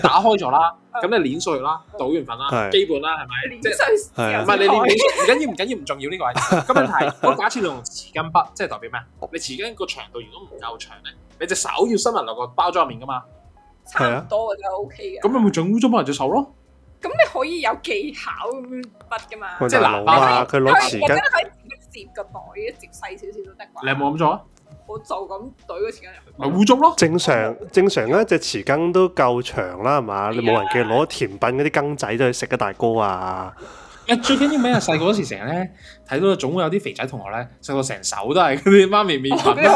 [SPEAKER 1] 打開咗啦，咁你碾碎啦，倒完粉啦，基本啦，係咪？碾碎唔係你碾碎，唔緊要，唔緊要，唔重要。呢個係咁問題。我假設你用匙羹筆，即係代表咩？你匙羹個長度如果唔夠長咧，你隻手要伸埋落個包裝面噶嘛？差唔
[SPEAKER 2] 多就 O K 嘅，咁、啊
[SPEAKER 1] OK、你冇整污糟幫人隻手咯？
[SPEAKER 2] 咁你可以有技巧咁樣筆噶嘛，即係拿下佢攞匙羹，或者可以自己折個袋，一折細少少都得。你有冇咁做啊？我就咁懟個匙羹入去，咪
[SPEAKER 3] 污糟咯。正常正常啦，隻匙羹都夠長啦，係嘛？Yeah. 你冇人叫攞甜品嗰啲羹仔都去食啊，大哥啊！
[SPEAKER 1] 最緊要啲咩啊？細個嗰時成日咧，睇到，總會有啲肥仔同學咧，細個成手都係嗰啲媽咪麵，啲嘢咧，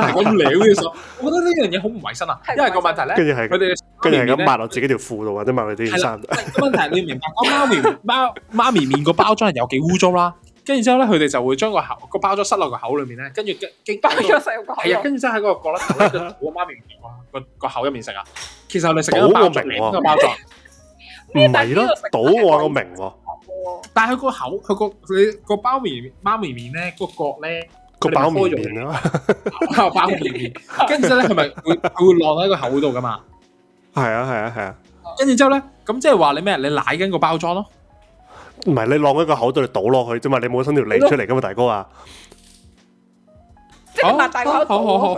[SPEAKER 1] 係咁撩嘅手。我覺得呢樣嘢好唔衛生啊！因為個問題咧，佢哋
[SPEAKER 3] 跟住係咁抹落自己條褲度，或者抹落啲衫度。
[SPEAKER 1] 問題你唔明白，我媽咪媽媽咪麵個包裝係有幾污糟啦。跟住之後咧，佢哋就會將個口個包裝塞落個口裏面咧，跟住嘅包裝塞入個，係啊，跟住之後喺個角落我賭媽咪麵，哇，個個口入面，食啊！
[SPEAKER 3] 其實你食緊個包
[SPEAKER 1] 裝，
[SPEAKER 3] 唔係咯，賭我話我明喎。
[SPEAKER 1] 但係佢個口，佢個你個包咪咪包咪咪咧，個角咧個包咪咪啊，包咪咪，跟住之後咧，佢咪佢會落喺個口度噶嘛？
[SPEAKER 3] 係啊係啊係啊，
[SPEAKER 1] 跟住之後咧，咁即係話你咩？你舐緊個包裝咯，
[SPEAKER 3] 唔係你落喺個口度，你倒落去啫嘛，你冇伸條脷出嚟噶嘛，大哥啊！
[SPEAKER 2] 即係擘大嗰好好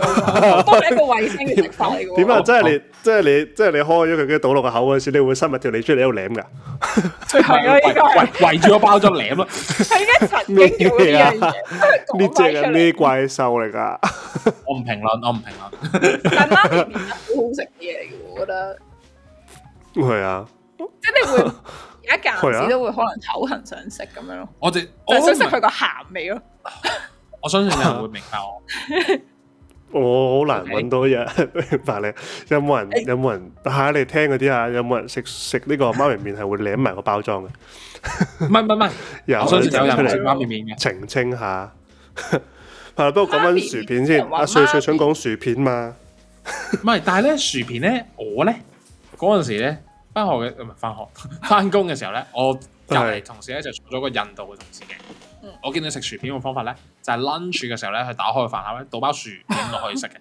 [SPEAKER 2] 都係一個衛星
[SPEAKER 3] 食法嚟嘅。點啊？即係你，即係你，即係你開咗佢嘅倒落個口嗰時，你會塞埋條脷出嚟喺度舐噶？最係咯，依家係圍住個包裝舐咯。佢一該神經嘅呢隻係咩怪獸嚟噶？我唔評論，我唔評論。好好食嘢嘅，我
[SPEAKER 2] 覺得。係啊！即係你會，而間子都會可能口痕想食咁樣咯。我就想食佢個鹹味咯。
[SPEAKER 3] 我相信
[SPEAKER 1] 有
[SPEAKER 3] 人會明白我。我好難揾到人明白你。有冇人？有冇人？吓，你聽嗰啲啊？有冇人食食呢個媽咪麵係會舐埋個包裝嘅？
[SPEAKER 1] 唔係唔係唔係，有。我想知道有冇食媽咪麵
[SPEAKER 3] 嘅？澄清下。係，不過講翻薯片先。阿瑞瑞想講薯片嘛？
[SPEAKER 1] 唔係，但係咧薯片咧，
[SPEAKER 3] 我咧嗰陣時咧
[SPEAKER 1] 翻學嘅，唔係翻學，翻工嘅時候咧，我隔籬同事咧就做咗個印度嘅同事嘅。我見你食薯片個方法咧，就係 lunch 嘅時候咧，係打開飯盒咧，倒包薯落去食嘅。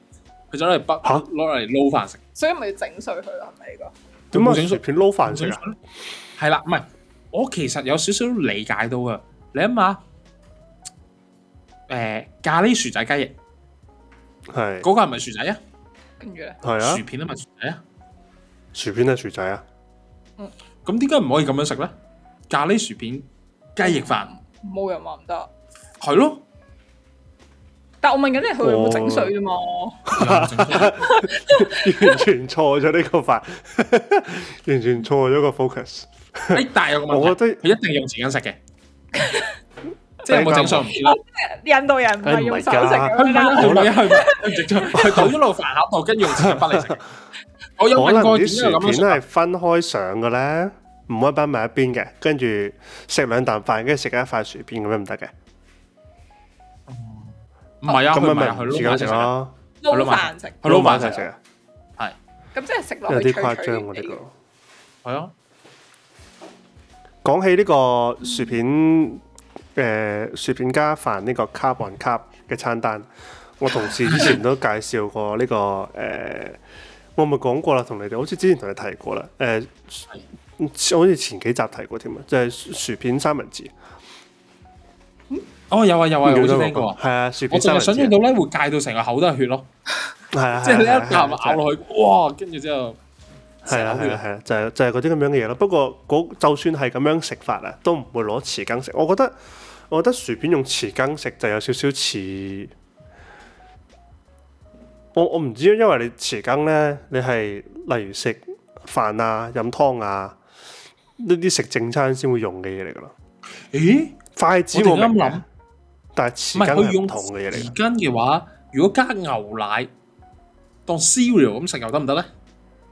[SPEAKER 1] 佢就攞嚟北，攞嚟撈飯食。
[SPEAKER 2] 啊、所以咪整碎佢係咪噶？
[SPEAKER 1] 咁啊、
[SPEAKER 3] 點樣，整麼薯片撈飯食
[SPEAKER 1] 啊？係啦，唔係我其實有少少理解到啊。你諗下，誒、呃、咖喱薯仔雞翼，
[SPEAKER 3] 係嗰
[SPEAKER 1] 是個係咪薯仔啊？跟住咧，係啊，薯片啊咪薯仔啊，薯片係薯仔啊。嗯，咁點解唔可以咁樣食咧？咖喱薯片雞翼飯。冇人
[SPEAKER 3] 話唔得，係咯，
[SPEAKER 2] 但我問緊你佢有冇整
[SPEAKER 3] 水啫嘛？完全錯咗呢個法，完全錯咗個 focus。哎，
[SPEAKER 1] 但係我，我覺得佢一定用錢飲食嘅，
[SPEAKER 2] 即係冇整水唔知啦。印度人唔係用手食噶咩？佢唔係，
[SPEAKER 1] 佢唔食咗，佢倒咗落飯盒度，跟住
[SPEAKER 2] 用錢翻嚟食。我有邊個薯片
[SPEAKER 1] 係
[SPEAKER 3] 分開上嘅咧？唔可以擺埋一邊嘅，跟住食兩啖飯，跟住食一塊薯片咁樣唔得嘅。
[SPEAKER 1] 唔係啊，咁咪咪煮緊食咯，撈飯食，撈飯一齊食啊。係，
[SPEAKER 3] 咁即
[SPEAKER 2] 係食落有啲誇張呢個。係
[SPEAKER 3] 啊，講起呢個薯片，誒薯片加飯呢個 carb on carb 嘅餐單，我同事之前都介紹過呢個誒，我咪講過啦，同你哋好似之前同你提過啦，誒。好似前幾集提過添啊，就係、是、薯片三文治。哦，有
[SPEAKER 1] 啊有啊，我聽過、那個。係啊，薯片三文就想象到咧，會戒到成個口都係血咯。係 <laughs> 啊，即係、啊、你一啖咬
[SPEAKER 3] 落去，就是、哇！跟住之後係啊係啊係啊，個啊，啊，就係、是、就係嗰啲咁樣嘅嘢咯。不過就算係咁樣食法啊，都唔會攞匙羹食。我覺得我覺得薯片用匙羹食就有少少似。我我唔知，因為你匙羹咧，你係例如食飯啊、飲湯啊。呢啲食正餐先會用嘅嘢嚟噶咯，誒，筷子我而家諗，但係匙羹係唔同嘅嘢嚟。匙
[SPEAKER 1] 羹嘅話，如果加牛奶當 Cereal 咁食又得唔得咧？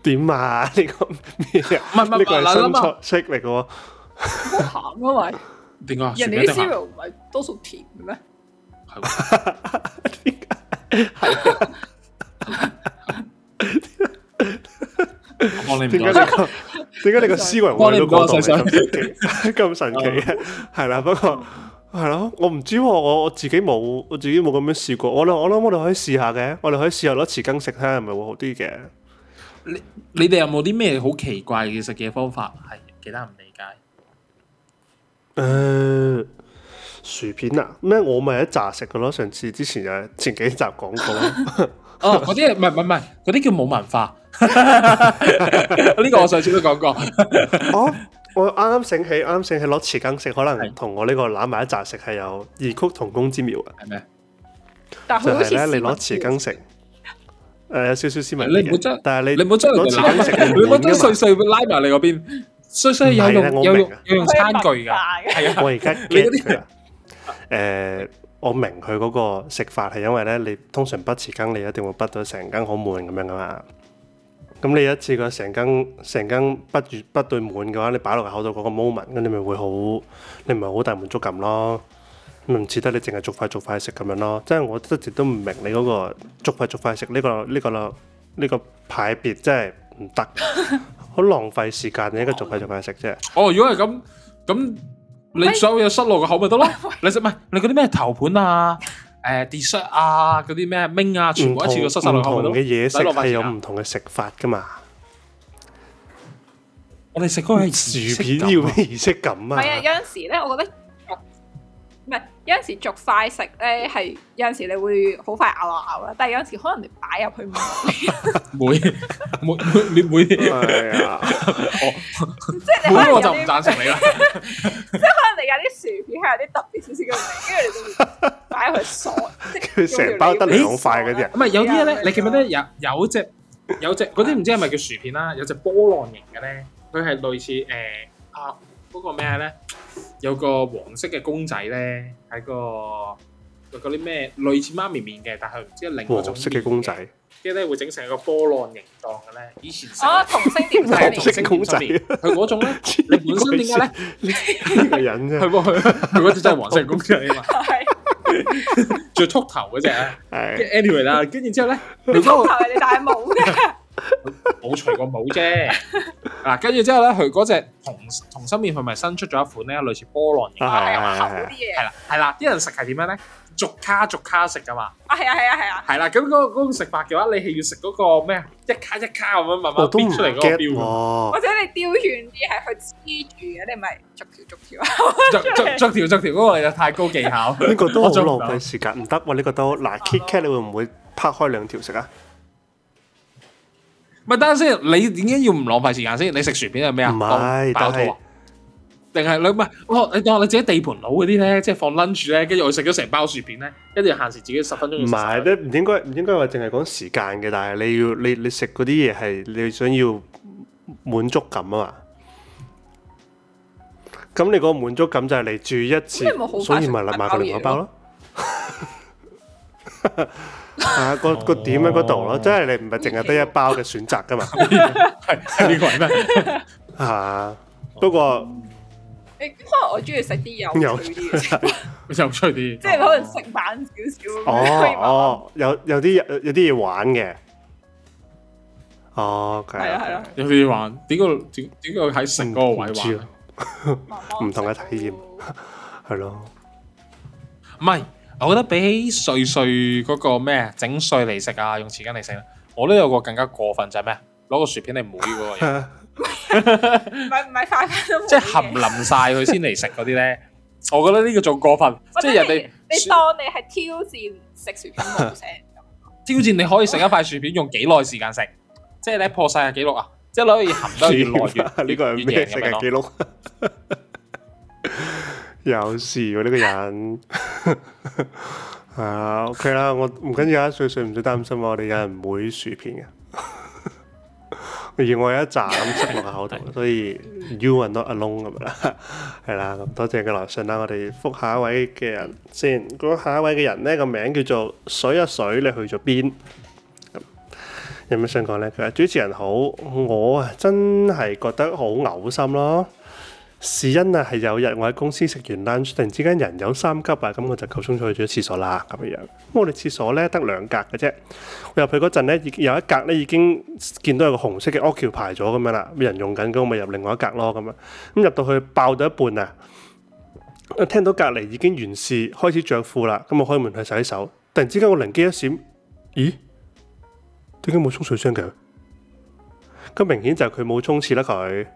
[SPEAKER 1] 點啊？呢個咩啊？乜乜乜，呢個係新菜
[SPEAKER 3] 式嚟噶喎。
[SPEAKER 2] 鹹噶咪？點解？人哋啲 Cereal 唔係多數甜嘅咩？係。點解？係。我哋唔了解。點解你個思維會到嗰度
[SPEAKER 3] 咁神奇？咁 <laughs> 神奇嘅係啦，不過係咯，我唔知我我自己冇，我自己冇咁樣試過。我我諗我哋可以試下嘅，我哋可以試下攞匙羹食，睇下係咪會好啲嘅。你你哋有冇啲咩好奇怪嘅食嘅方法？
[SPEAKER 1] 係其他唔理解。
[SPEAKER 3] 誒、嗯，薯片啊？咩？我咪一紮食嘅咯。上次之前又係前幾集講過。 <laughs> 哦，嗰啲唔係唔係唔係，嗰啲叫冇文化。呢個我上次都講過。我我啱啱醒起，啱啱醒起攞匙羹食，可能同我呢個攬埋一紮食係有異曲同工之妙
[SPEAKER 1] 嘅，係咪？但係好似咧，你攞匙
[SPEAKER 3] 羹食，誒，
[SPEAKER 1] 少少斯文啲。你唔好將，但係你你唔好將攞匙羹食，你唔好將碎碎拉埋你嗰邊，碎碎有用有用有用餐具噶，係啊！我而家你嗰啲
[SPEAKER 3] 誒。我明佢嗰個食法係因為咧，你通常筆匙羹你一定會筆到成羹好滿咁樣噶嘛。咁你一次過成羹成羹筆完筆對滿嘅話，你擺落口度嗰個 moment，咁你咪會好，你唔係好大滿足感咯。唔似得你淨係逐塊逐塊食咁樣咯。即係我一直都唔明你嗰個逐塊逐塊食呢個呢、呢個呢、呢個派別真，真係唔得，好浪費時間，你應該逐塊逐塊食啫。哦，如果係咁咁。你想有失落嘅口咪得啦？你食唔係你嗰啲咩頭
[SPEAKER 1] 盤啊、誒、呃、dessert 啊嗰啲咩 main 啊，全部一次過失失落口。唔同嘅嘢食係有唔
[SPEAKER 3] 同嘅食法㗎嘛。我哋食嗰個薯片要咩儀式感啊？係 <laughs> <laughs> 啊，有陣
[SPEAKER 2] 時咧，我覺得。唔係有陣時逐塊食咧，係有陣時你會好快咬落咬啦，但係有陣時可能你擺入去唔會，唔
[SPEAKER 1] 會，唔會，你唔會。
[SPEAKER 2] 即係，咁我就唔贊成你啦。即係可能你有啲薯片係有啲特別少少嘅味，跟住你擺入去嗦，即係佢
[SPEAKER 1] 成包得你好快嗰隻。唔係有啲咧，你記唔記得有有隻有隻嗰啲唔知係咪叫薯片啦？有隻波浪形嘅咧，佢係類似誒啊。嗰個咩咧？有個黃色嘅公仔咧，喺個嗰啲咩類似媽咪麵嘅，但係唔知另一種色嘅公仔，即係咧會整成一個波浪形狀嘅咧。以前哦，同色啲唔係同色
[SPEAKER 3] 公仔，佢嗰種
[SPEAKER 1] 咧，你本身點解咧？
[SPEAKER 2] 你
[SPEAKER 1] 個人啫，佢嗰隻真係黃色公仔啊嘛，著兔頭嗰隻。Anyway 啦，跟
[SPEAKER 2] 住之後咧，你兔頭你戴帽嘅。
[SPEAKER 1] 冇除過冇啫，嗱， <laughs> 跟住之後咧，佢嗰隻同同心麵係咪新出咗一款咧，類似波浪形嘅。係啦係啦，啲人食係點樣咧？逐卡逐卡食噶嘛？啊係啊係啊係啊！係啦、啊，咁嗰、啊啊那個嗰、嗰種、食法嘅話，你係要食嗰個咩？一卡一卡咁樣慢慢搣出嚟，或者
[SPEAKER 2] 你雕遠啲係去黐住嘅，你咪逐條逐條，逐條
[SPEAKER 3] 逐條逐條逐條、嗰個就太高技巧，呢 <laughs> 個都浪費時間，唔得喎呢個都。嗱 KitKat 你會唔會拍開兩條食啊？啊キキ
[SPEAKER 1] 唔係等陣先，你點解要唔浪費時間先？你食薯片係咩啊？唔係多咗，定係你唔係我？你當你自己地盤佬嗰啲咧，即係放 lunch 咧，跟住我食咗成包薯片咧，跟住限時自己十分鐘。唔係，
[SPEAKER 3] 咧唔應該唔應該話淨係講時間嘅，但係你要你你食嗰啲嘢係你想要滿足感啊嘛。咁你個滿足感就係嚟住一次，所以咪買個另外一包咯。係啊，個個點喺嗰度咯，即係你唔係淨係得一包嘅選擇噶嘛，係呢個係咩？吓，不過，
[SPEAKER 2] 誒，可能我中意食啲有
[SPEAKER 3] 趣有出啲，即
[SPEAKER 2] 係可能食玩少少。哦
[SPEAKER 3] 哦，有有啲有啲嘢玩嘅，哦，
[SPEAKER 1] 係啊係啊，有啲玩，點解點點解喺食嗰個位
[SPEAKER 3] 玩？唔同嘅體驗係咯，
[SPEAKER 1] 咪。我覺得比起碎碎嗰個咩，整碎嚟食啊，用匙羹嚟食咧，我都有個更加過分就係咩，攞個薯片你唔會嗰個嘢。唔係唔係快塊都。即係含淋晒佢先嚟食嗰啲咧， <laughs> 我覺得呢個仲過分。即係、就是、人哋家你當
[SPEAKER 2] 你係挑戰食薯片無聲咁。
[SPEAKER 1] 挑戰你可以食一塊薯片用幾耐時間食，即係咧破晒個紀錄啊！即係攞可以含得越耐越呢個越嘢食個紀錄。 <laughs>
[SPEAKER 3] 有事喎呢個人，係啊 OK 啦，我唔緊要啊，水水唔使擔心喎，我哋有人會薯片嘅，而我有一紮咁塞落口度，所以 you are not alone 咁啦，係啦，咁多謝嘅來信啦，我哋覆下一位嘅人先，嗰下一位嘅人呢個名叫做水啊水，你去咗邊？有咩想講呢？佢話主持人好，我啊真係覺得好嘔心咯。事因啊，係有日我喺公司食完 lunch，突然之間人有三急啊，咁我就夠衝咗去咗廁所啦，咁樣樣。咁我哋廁所咧得兩格嘅啫，入去嗰陣咧，有一格咧已經見到有個紅色嘅 occupied 咗咁樣啦，人用緊，咁我咪入另外一格咯，咁啊。咁入到去爆到一半啊，我聽到隔籬已經完事，開始着褲啦，咁我開門去洗手，突然之間我靈機一閃，咦？點解冇沖水聲嘅？咁明顯就係佢冇沖廁啦，佢。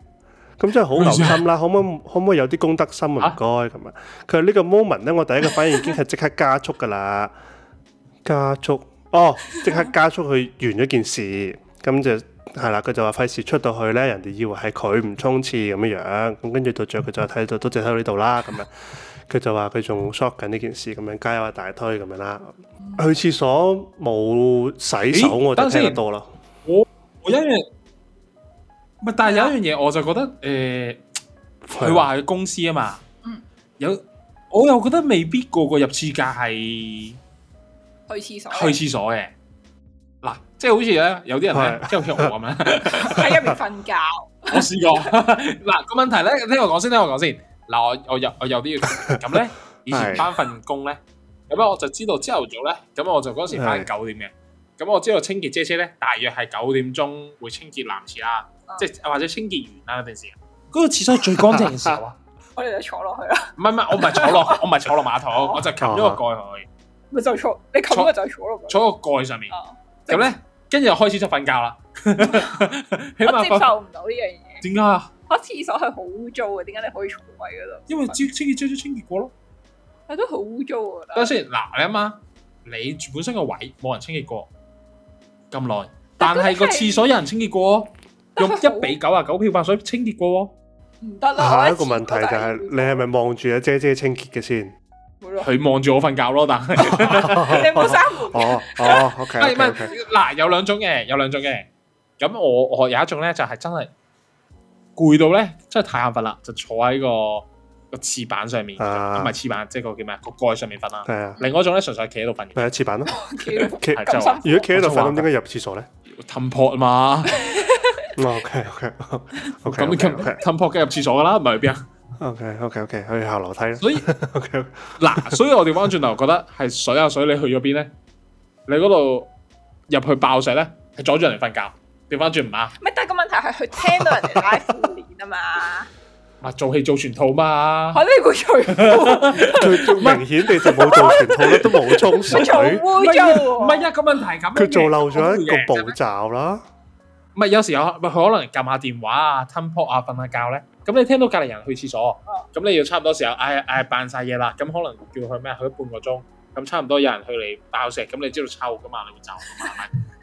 [SPEAKER 3] 咁真係好留心啦，可唔可可唔可以有啲公德心？唔該咁啊！佢話呢、啊、個 moment 咧，我第一個反應已經係即刻加速噶啦， <laughs> 加速哦，即刻加速去完咗件事，咁就係啦。佢就話費事出到去咧，人哋以為係佢唔沖廁咁樣樣，咁跟住到著佢就睇到都只睇到呢度啦。咁樣佢就話佢仲 shock 緊呢件事，咁樣加油入大推咁樣啦。去廁所冇洗手，我就聽得多啦、欸。
[SPEAKER 1] 我我因為。但係有一樣嘢，我就覺得誒，佢話係公司啊嘛。嗯，有我又覺得未必個個入廁格係
[SPEAKER 2] 去廁所去廁
[SPEAKER 1] 所嘅，嗱，即係好似咧，有啲人即係我咁啦，
[SPEAKER 2] 喺入邊
[SPEAKER 1] 瞓覺。我試過。嗱，個問題咧，聽我講先，聽我講先嗱。我我有我有啲咁咧，以前返份工咧，咁咧我就知道朝頭早咧，咁我就嗰時返九點嘅，咁我知道清潔車車咧，大約係九點鐘會清潔男廁啦。即係、啊、或者清潔完啦、啊，嗰陣時。嗰個廁所係最乾淨嘅時候啊，
[SPEAKER 2] <laughs> 我哋就坐落去
[SPEAKER 1] 啦。唔係唔係，我唔係坐落，去， <laughs> 我唔係坐落馬桶， <laughs> 我就撳咗個蓋去。
[SPEAKER 2] 咪就是、坐，你撳咗咪就坐落。坐
[SPEAKER 1] 個蓋上面。
[SPEAKER 2] 咁咧、啊，跟、
[SPEAKER 1] 就、住、是、開始就瞓覺啦。 <laughs> 起碼睡我接受
[SPEAKER 2] 唔到呢樣嘢。點解啊？我廁所係好污糟嘅，點解你可以坐位嗰度？因為清
[SPEAKER 1] 清潔清潔過
[SPEAKER 2] 咯。但係都好污糟啊！等
[SPEAKER 1] 先嗱，你啊媽，你本身個位冇人清潔過咁耐，但係個廁所有人清潔過。用一比九啊九漂白水清潔過喎，唔得
[SPEAKER 3] 啦，下一個問題就係你係咪望住阿姐姐清潔嘅先？佢望住我瞓覺咯，但係你唔好閂門嘅。哦，OK，唔係嗱，有兩種嘅，
[SPEAKER 1] 有兩種嘅。咁我我有一種咧，就係真係攰到咧，真係太眼瞓啦，就坐喺個個廁板上面，唔係廁板，即係個叫咩啊？個蓋上面瞓啦。係啊。另外一種咧，純粹係企喺度瞓嘅，啊，廁板咯。企，如果企喺度瞓，咁點解入廁所咧？氹破啊嘛～O K O K O K 咁，浸泡嘅入廁所噶以 Okay, okay, 啦，唔係去邊
[SPEAKER 3] 啊？O K O K O K 去
[SPEAKER 1] 下樓梯啦。所以 O K 嗱，所以我調翻轉頭，覺得係水啊水，你去咗邊咧？你嗰度入去爆石咧，係阻住人哋瞓覺，調翻轉唔啱。
[SPEAKER 2] 唔係，但係個問題係佢聽到人哋拉訓練啊
[SPEAKER 1] 嘛，咪做戲做全套嘛。喺呢個最最明顯地就冇做全套啦，都冇沖水。唔係啊，個、啊、問題咁，佢做漏咗一個步驟啦。啊唔係有時候，唔係佢可能撳下電話啊、吞 u 啊、瞓下覺咧。咁你聽到隔離人去廁所，咁、啊、你要差唔多時候、啊，哎哎辦晒嘢啦。咁、啊、可能叫佢咩？去咗半個鐘。咁差唔多有人去你爆石，咁你知道臭噶嘛？你要走。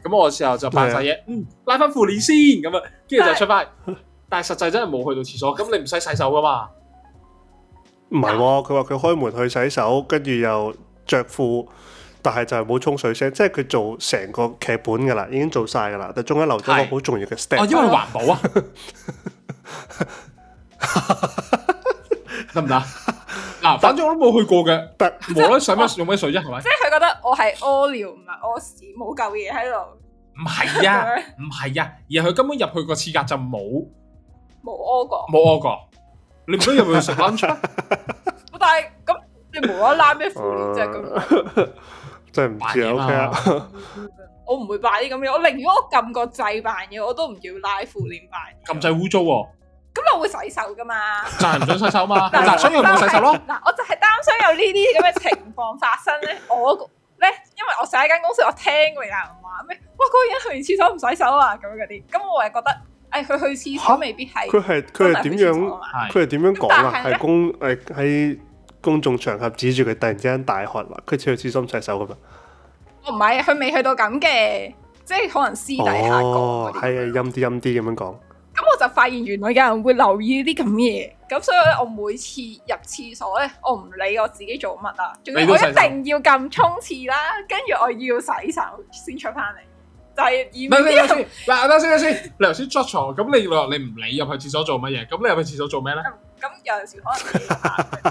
[SPEAKER 1] 咁 <laughs> 我時候就辦晒嘢，啊、嗯，拉翻褲鏈先咁啊，跟住就出翻。 <laughs> 但係實際真係冇去到廁所，咁你唔使洗手噶嘛？
[SPEAKER 3] 唔係、哦，佢話佢開門去洗手，跟住又着褲。但係就係冇沖水聲，即係佢做成個劇本噶啦，已經做晒噶啦，但中間留咗個好重要嘅 step。因為環保啊，得唔得？嗱、啊，反正我都冇去過嘅，但無啦啦使咩用
[SPEAKER 1] 乜水啫、啊，係咪？即
[SPEAKER 2] 係佢覺得我係屙尿唔係屙屎，冇嚿嘢喺度。唔
[SPEAKER 1] 係啊，唔係啊，而佢根本入去個廁格就冇，
[SPEAKER 2] 冇屙過，冇屙
[SPEAKER 1] 過，嗯、你
[SPEAKER 3] 唔想入去食 lunch
[SPEAKER 2] 我但係咁，你無啦啦咩敷衍啫咁。
[SPEAKER 3] 真係唔知啊！OK 啊！
[SPEAKER 2] 我唔會扮啲咁樣，我寧願我撳個掣扮嘢，我都唔要拉褲鏈扮。
[SPEAKER 1] 撳掣污糟喎，
[SPEAKER 2] 咁我會洗手噶嘛？
[SPEAKER 1] 但係唔想洗手嘛？
[SPEAKER 2] 嗱，所以要唔洗手咯？嗱，我就係擔心有呢啲咁嘅情況發生咧。我咧，因為我上一間公司，我聽過啲人話咩，哇，嗰個人去完廁所唔洗手啊，咁嗰啲。咁我係覺得，誒，佢去廁所未必係。佢係佢係點樣？
[SPEAKER 3] 佢係點樣講啊？係公誒公眾場合指住佢，突然之間大喝，佢走去廁所洗手咁啊！
[SPEAKER 2] 我唔係，佢未去到咁嘅，即係可能私底下
[SPEAKER 3] 講，哦，係啊，陰啲陰啲咁樣講。
[SPEAKER 2] 咁我就發現原來有人會留意啲咁嘅嘢，咁所以咧，我每次入廁所咧，我唔理我自己做乜啊，仲要一定要撳沖廁啦，跟住我要洗手先出翻嚟，就係染嗱，等先，
[SPEAKER 1] 先， <laughs> 等等等等 <laughs> 你頭先執錯，咁你落，你唔理入去廁所做乜嘢，咁你入去廁所做咩咧？嗯咁有陣時可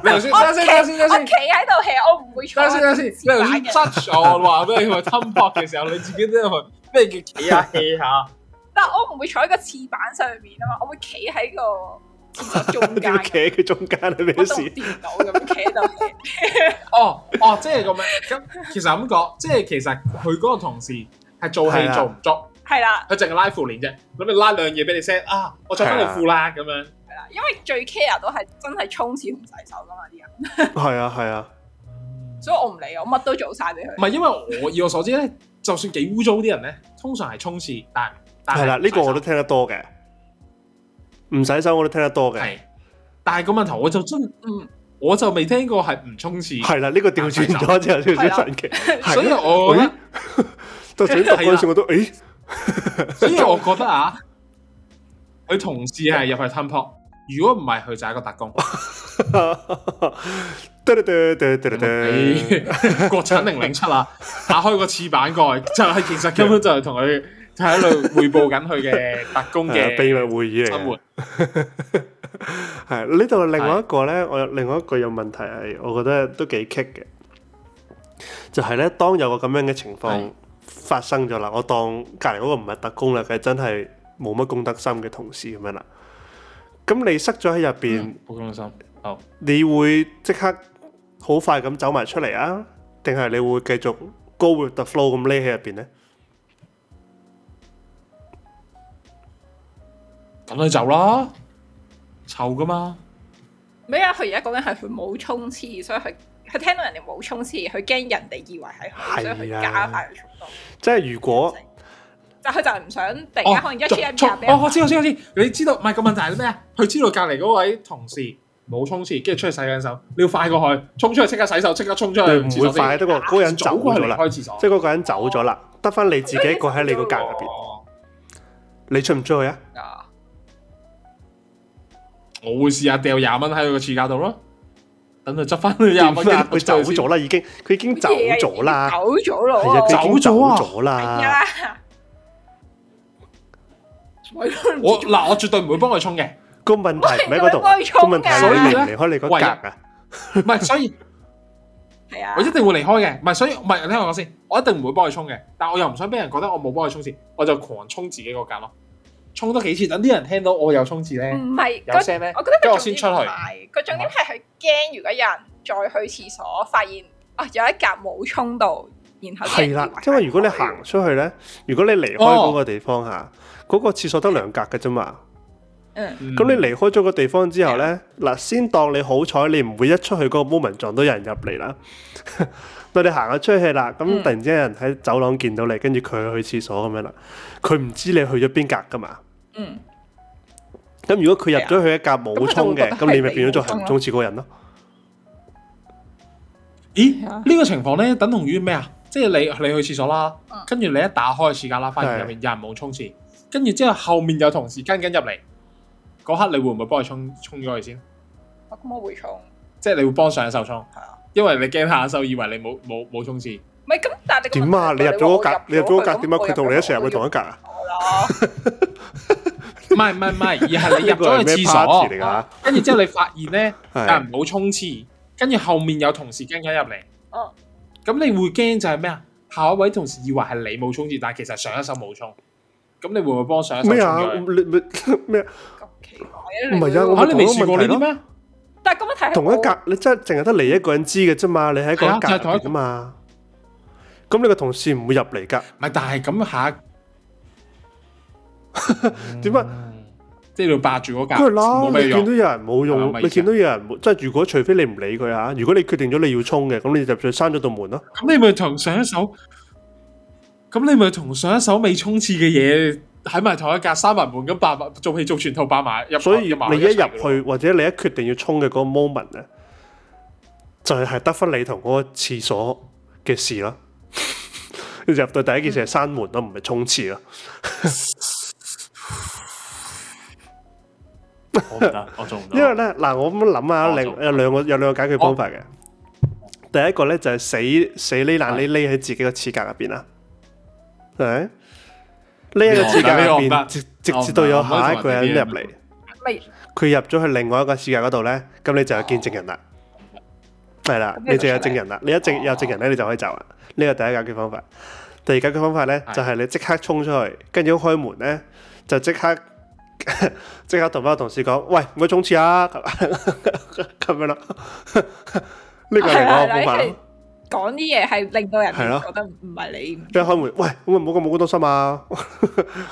[SPEAKER 1] 能
[SPEAKER 2] 我企，我企喺度 hea 我唔會坐喺個廁板嘅。
[SPEAKER 1] touch 我話俾你聽 touch 嘅時候你自己都去。咩叫 hea？hea
[SPEAKER 3] 下。
[SPEAKER 2] 但係我唔會坐喺個廁板上面啊嘛，我會企喺個
[SPEAKER 3] 中間。企喺佢中間係咩事？跌到咁企
[SPEAKER 1] 喺度。哦哦，即係咁樣。咁其實咁講，即係其實佢嗰個同事係做戲做唔足，
[SPEAKER 2] 係啦，
[SPEAKER 3] 佢淨係拉褲鏈
[SPEAKER 1] 啫，咁你拉兩嘢俾你 set 啊，我著翻你褲啦咁樣。
[SPEAKER 2] 因為最 care 都係真係沖廁唔洗
[SPEAKER 3] 手噶嘛啲人，係啊係啊，
[SPEAKER 2] 所以我唔理我乜都做晒俾佢。唔係，因為我以
[SPEAKER 1] 我所知咧，就算幾污糟啲人咧，通常係沖廁，
[SPEAKER 3] 但係係啦，呢個我都聽得多嘅，唔洗手我都聽得多嘅。係，
[SPEAKER 1] 但係個問題我就真，嗯，我就未聽過係唔沖廁。係啦，呢個調
[SPEAKER 3] 轉咗之
[SPEAKER 4] 後
[SPEAKER 1] 就少少神奇。所以我覺得都睇到嗰時我都誒，所以我覺得啊，佢同事係入去 t 如果唔係佢就係一
[SPEAKER 3] 個特工，得啦得啦得啦得啦，
[SPEAKER 1] 國產零零七啦，打開個廁板蓋，就係其實根本就係同佢就喺度匯報緊佢嘅特工嘅秘密
[SPEAKER 3] 會議嚟，係呢度另外一個咧，我有另外一個有問題係，我覺得都幾棘嘅，就係咧當有個咁樣嘅情況發生咗啦，我當隔籬嗰個唔係特工啦，佢真係冇乜公德心嘅同事咁樣啦。咁你塞咗喺入邊，保康生，哦，你會即刻好快咁走埋出嚟啊？定係你會繼續 go with the flow 咁匿喺入邊呢？咁佢走啦，臭噶嘛？
[SPEAKER 2] 咩啊？佢而家講緊係佢冇沖廁，所以佢佢聽到人哋冇沖廁，佢驚人哋以為係佢，是啊、所以佢
[SPEAKER 3] 加快嘅速度。即係如果。
[SPEAKER 2] 佢就唔想突然間可能一跌一入，哦，我知我知我
[SPEAKER 1] 知，你知道唔係個問題係咩啊？佢知道隔離嗰位同事冇沖廁，跟住出去洗緊手，你要快過去，衝出去即刻洗手，即刻衝出去。唔會快，得
[SPEAKER 3] 個嗰個人走咗啦。即係嗰個人走咗啦，得翻你自己一個喺你個隔入邊。你出唔出去啊？我會試下
[SPEAKER 1] 掉廿蚊喺佢個廁架度咯，等佢執翻去廿蚊。佢走咗啦，
[SPEAKER 3] 已經佢已經
[SPEAKER 1] 走咗啦，
[SPEAKER 3] 走咗咯，係啊，走咗啦。
[SPEAKER 4] 我
[SPEAKER 1] 嗱，我絕對唔會幫佢沖嘅。個 <laughs> 問題唔喺度，個問題所以離唔離開你嗰格啊？唔係所以係啊，我一定會離開嘅。唔係所以唔係，你聽我講先，我一定唔會幫佢沖嘅。但我又唔想俾人覺得我冇幫佢沖廁，我就狂沖自己嗰格咯，沖多幾次，等啲人聽到我有沖廁咧，唔係是有聲咩？我覺得跟住先出去。
[SPEAKER 2] 個重點係佢驚，如果有人再去廁所是發現有一格冇沖到，然後
[SPEAKER 3] 係啦，因為如果你行出去咧，如果你離開嗰個地方吓。哦嗰個廁所得兩格嘅啫嘛，嗯，
[SPEAKER 2] 咁你離
[SPEAKER 3] 開咗個地方之後呢，嗱、嗯，先當你好彩，你唔會一出去嗰個 moment 撞到有人入嚟啦。但 <laughs> 你行咗出去啦，咁突然之間有人喺走廊見到你，跟住佢去廁所咁樣啦，佢唔知你去咗邊格噶嘛，嗯，咁如果佢入咗去一格冇沖嘅，咁、嗯、你咪變咗做行沖廁嗰個人咯。咦、嗯？呢、這個情況
[SPEAKER 1] 呢等同於咩啊？即係你你去廁所啦，跟住你一打開個廁格啦，發現入面有人冇沖廁。跟住之後，後面有同事跟緊入嚟，嗰刻你會唔會幫佢沖沖咗佢先？我咁我
[SPEAKER 2] 會沖，
[SPEAKER 1] 即係你會幫上一手沖，係啊，因為你驚下一手，以為你冇冇冇沖廁，
[SPEAKER 2] 唔係咁，但係點啊？你入咗格，你入咗格，點解佢同你一齊入去同一格啊？
[SPEAKER 1] 唔係唔係唔係，而係你入咗個廁所，跟住之後你發現咧，但係唔好沖廁，跟住後面有同事跟緊入嚟，咁你會驚就係咩啊？下一位同事以為係你冇沖廁，但係其實上一手冇沖。咁你會唔會幫我上
[SPEAKER 3] 一首？咩啊？你咪咩啊？咁奇怪咧！嚇你未試過呢啲咩？
[SPEAKER 2] 但係咁樣睇，同一
[SPEAKER 3] 格，你真係淨係得你一個人知嘅啫嘛？你喺一個隔台㗎嘛。咁你個同事唔會入嚟噶。唔係，但係咁下點啊？即係要霸住我格。都係啦，你見到有人冇用，你見到有人即係如果除非你唔理佢嚇，如果你決定咗你要沖嘅，咁你入去就閂咗道門咯。
[SPEAKER 1] 咁你咪同上一手。咁你咪同上一手未沖廁嘅嘢喺埋同一格，閂埋門，咁擺，做戲做全套，擺埋入，所以你一入去一
[SPEAKER 3] 或者你一決定要沖嘅嗰個 moment 咧，就係得翻你同嗰個廁所嘅事咯。 <laughs> 就入到第一件事係閂，嗯、門咯，唔係沖廁咯。我做唔到。 <laughs> 因為咧，嗱，我咁樣諗下兩有兩個有兩個解決方法嘅。我第一個咧就係、是、死死匿爛匿匿喺自己個廁格入邊啦。呢一個世界入邊，直直至到有下一個人入嚟，佢入咗去另外一個世界嗰度呢，咁你就係見證人啦，係啦 <laughs> 了，這你就有證人啦， <laughs> 你一證 <laughs> 有證人呢，你就可以走啦。呢、這個第一個解決方法，第二個解決方法呢，就係你即刻衝出去，跟住 <laughs> 一開門呢，就 <laughs> 即刻即刻同翻個同事講，喂，唔好沖廁啊！咁 <laughs> 樣咯、啊，呢 <laughs> 個第二個方法。 <laughs>
[SPEAKER 2] 講啲嘢係
[SPEAKER 3] 令到人覺得唔係你。即係開門，喂，唔好咁冇公德心啊！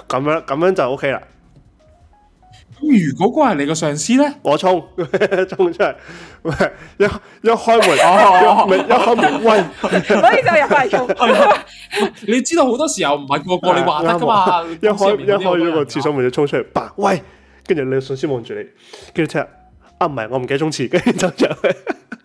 [SPEAKER 3] 咁樣咁樣就 OK 啦。咁如果嗰係你個上司咧，我衝衝出嚟，一一開門，啊一，一開門，喂，所以就係，
[SPEAKER 1] 你知道好多時候唔係個個你話得噶嘛。一開，一開一
[SPEAKER 3] 開咗個廁所門就衝出嚟白，喂，跟住你上司望住你，跟住 h 啊唔係，我唔記得沖廁，跟住走咗去。呵呵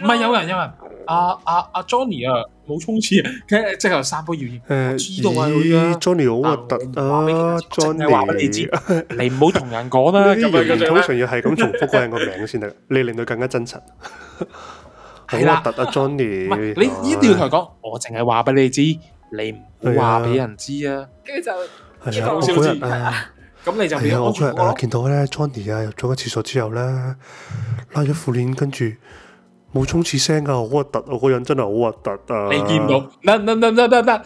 [SPEAKER 1] 唔係有人，有人阿阿阿 Johnny 啊，冇沖廁，啊，
[SPEAKER 3] 即係三杯謠言。誒，知道啊，Johnny 好核突啊！Johnny，話俾你知，你唔好同人講啦。啲謠言通常要係咁重複個人個名先得，你令到更加真實。
[SPEAKER 1] 好核突啊，Johnny！你一定要同佢講，我淨係話俾你知，你唔話俾人知啊。
[SPEAKER 2] 跟住就，係啊，咁你
[SPEAKER 1] 就，係啊，我今
[SPEAKER 3] 日見到咧，Johnny 啊，入咗個廁所之後咧，拉咗褲鏈，跟住。冇沖廁聲噶，好核突我個人真係好核突啊！你見到？得得得
[SPEAKER 1] 得得得，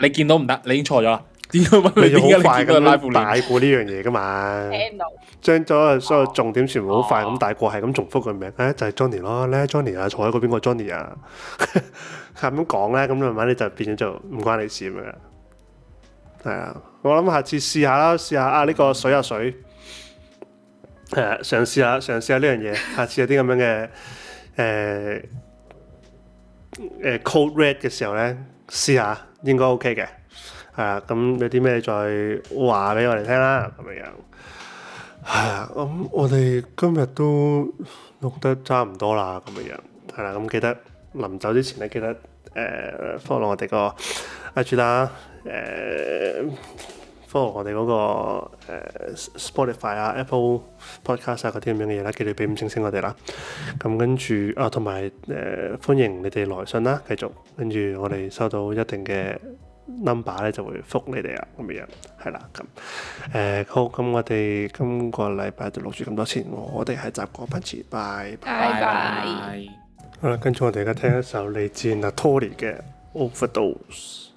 [SPEAKER 1] 你見到唔得？你已經錯咗
[SPEAKER 3] 啦。點解問你？點解你有快咁大過呢樣嘢噶嘛？聽唔到？將咗所有重點全部好快咁大過，係咁重複個名。誒、哎，就係、是、Johnny 咯，呢個 Johnny 啊，坐喺嗰邊個 Johnny 啊，係咁講咧，咁慢慢咧就變咗就唔關你事咁樣。係啊，我諗下次試下啦，試下啊呢、這個水啊水，啊，嘗試下嘗試下呢樣嘢，下次有啲咁樣嘅。 <laughs> <laughs> 誒誒 cold red 嘅時候咧，試下應該 OK 嘅，係啦。咁有啲咩再話俾我哋聽啦，咁樣樣係啊。咁、嗯、我哋今日都錄得差唔多啦，咁樣樣係啦。咁、嗯、記得臨走之前咧，記得，follow、呃、我哋、那個阿朱丹誒。follow 我哋嗰個誒 Spotify 啊、Apple Podcast 啊嗰啲咁樣嘅嘢啦，記得俾五星星我哋啦。咁跟住啊，同埋誒歡迎你哋來信啦，繼續。跟住我哋收到一定嘅 number 咧，就會覆你哋啊咁樣。係啦，咁誒好，咁我哋今個禮拜就錄住咁多先。我哋係雜果 Punchy，拜拜。好啦，跟住我哋而家聽一首嚟自啊 Tory 嘅 Overdose。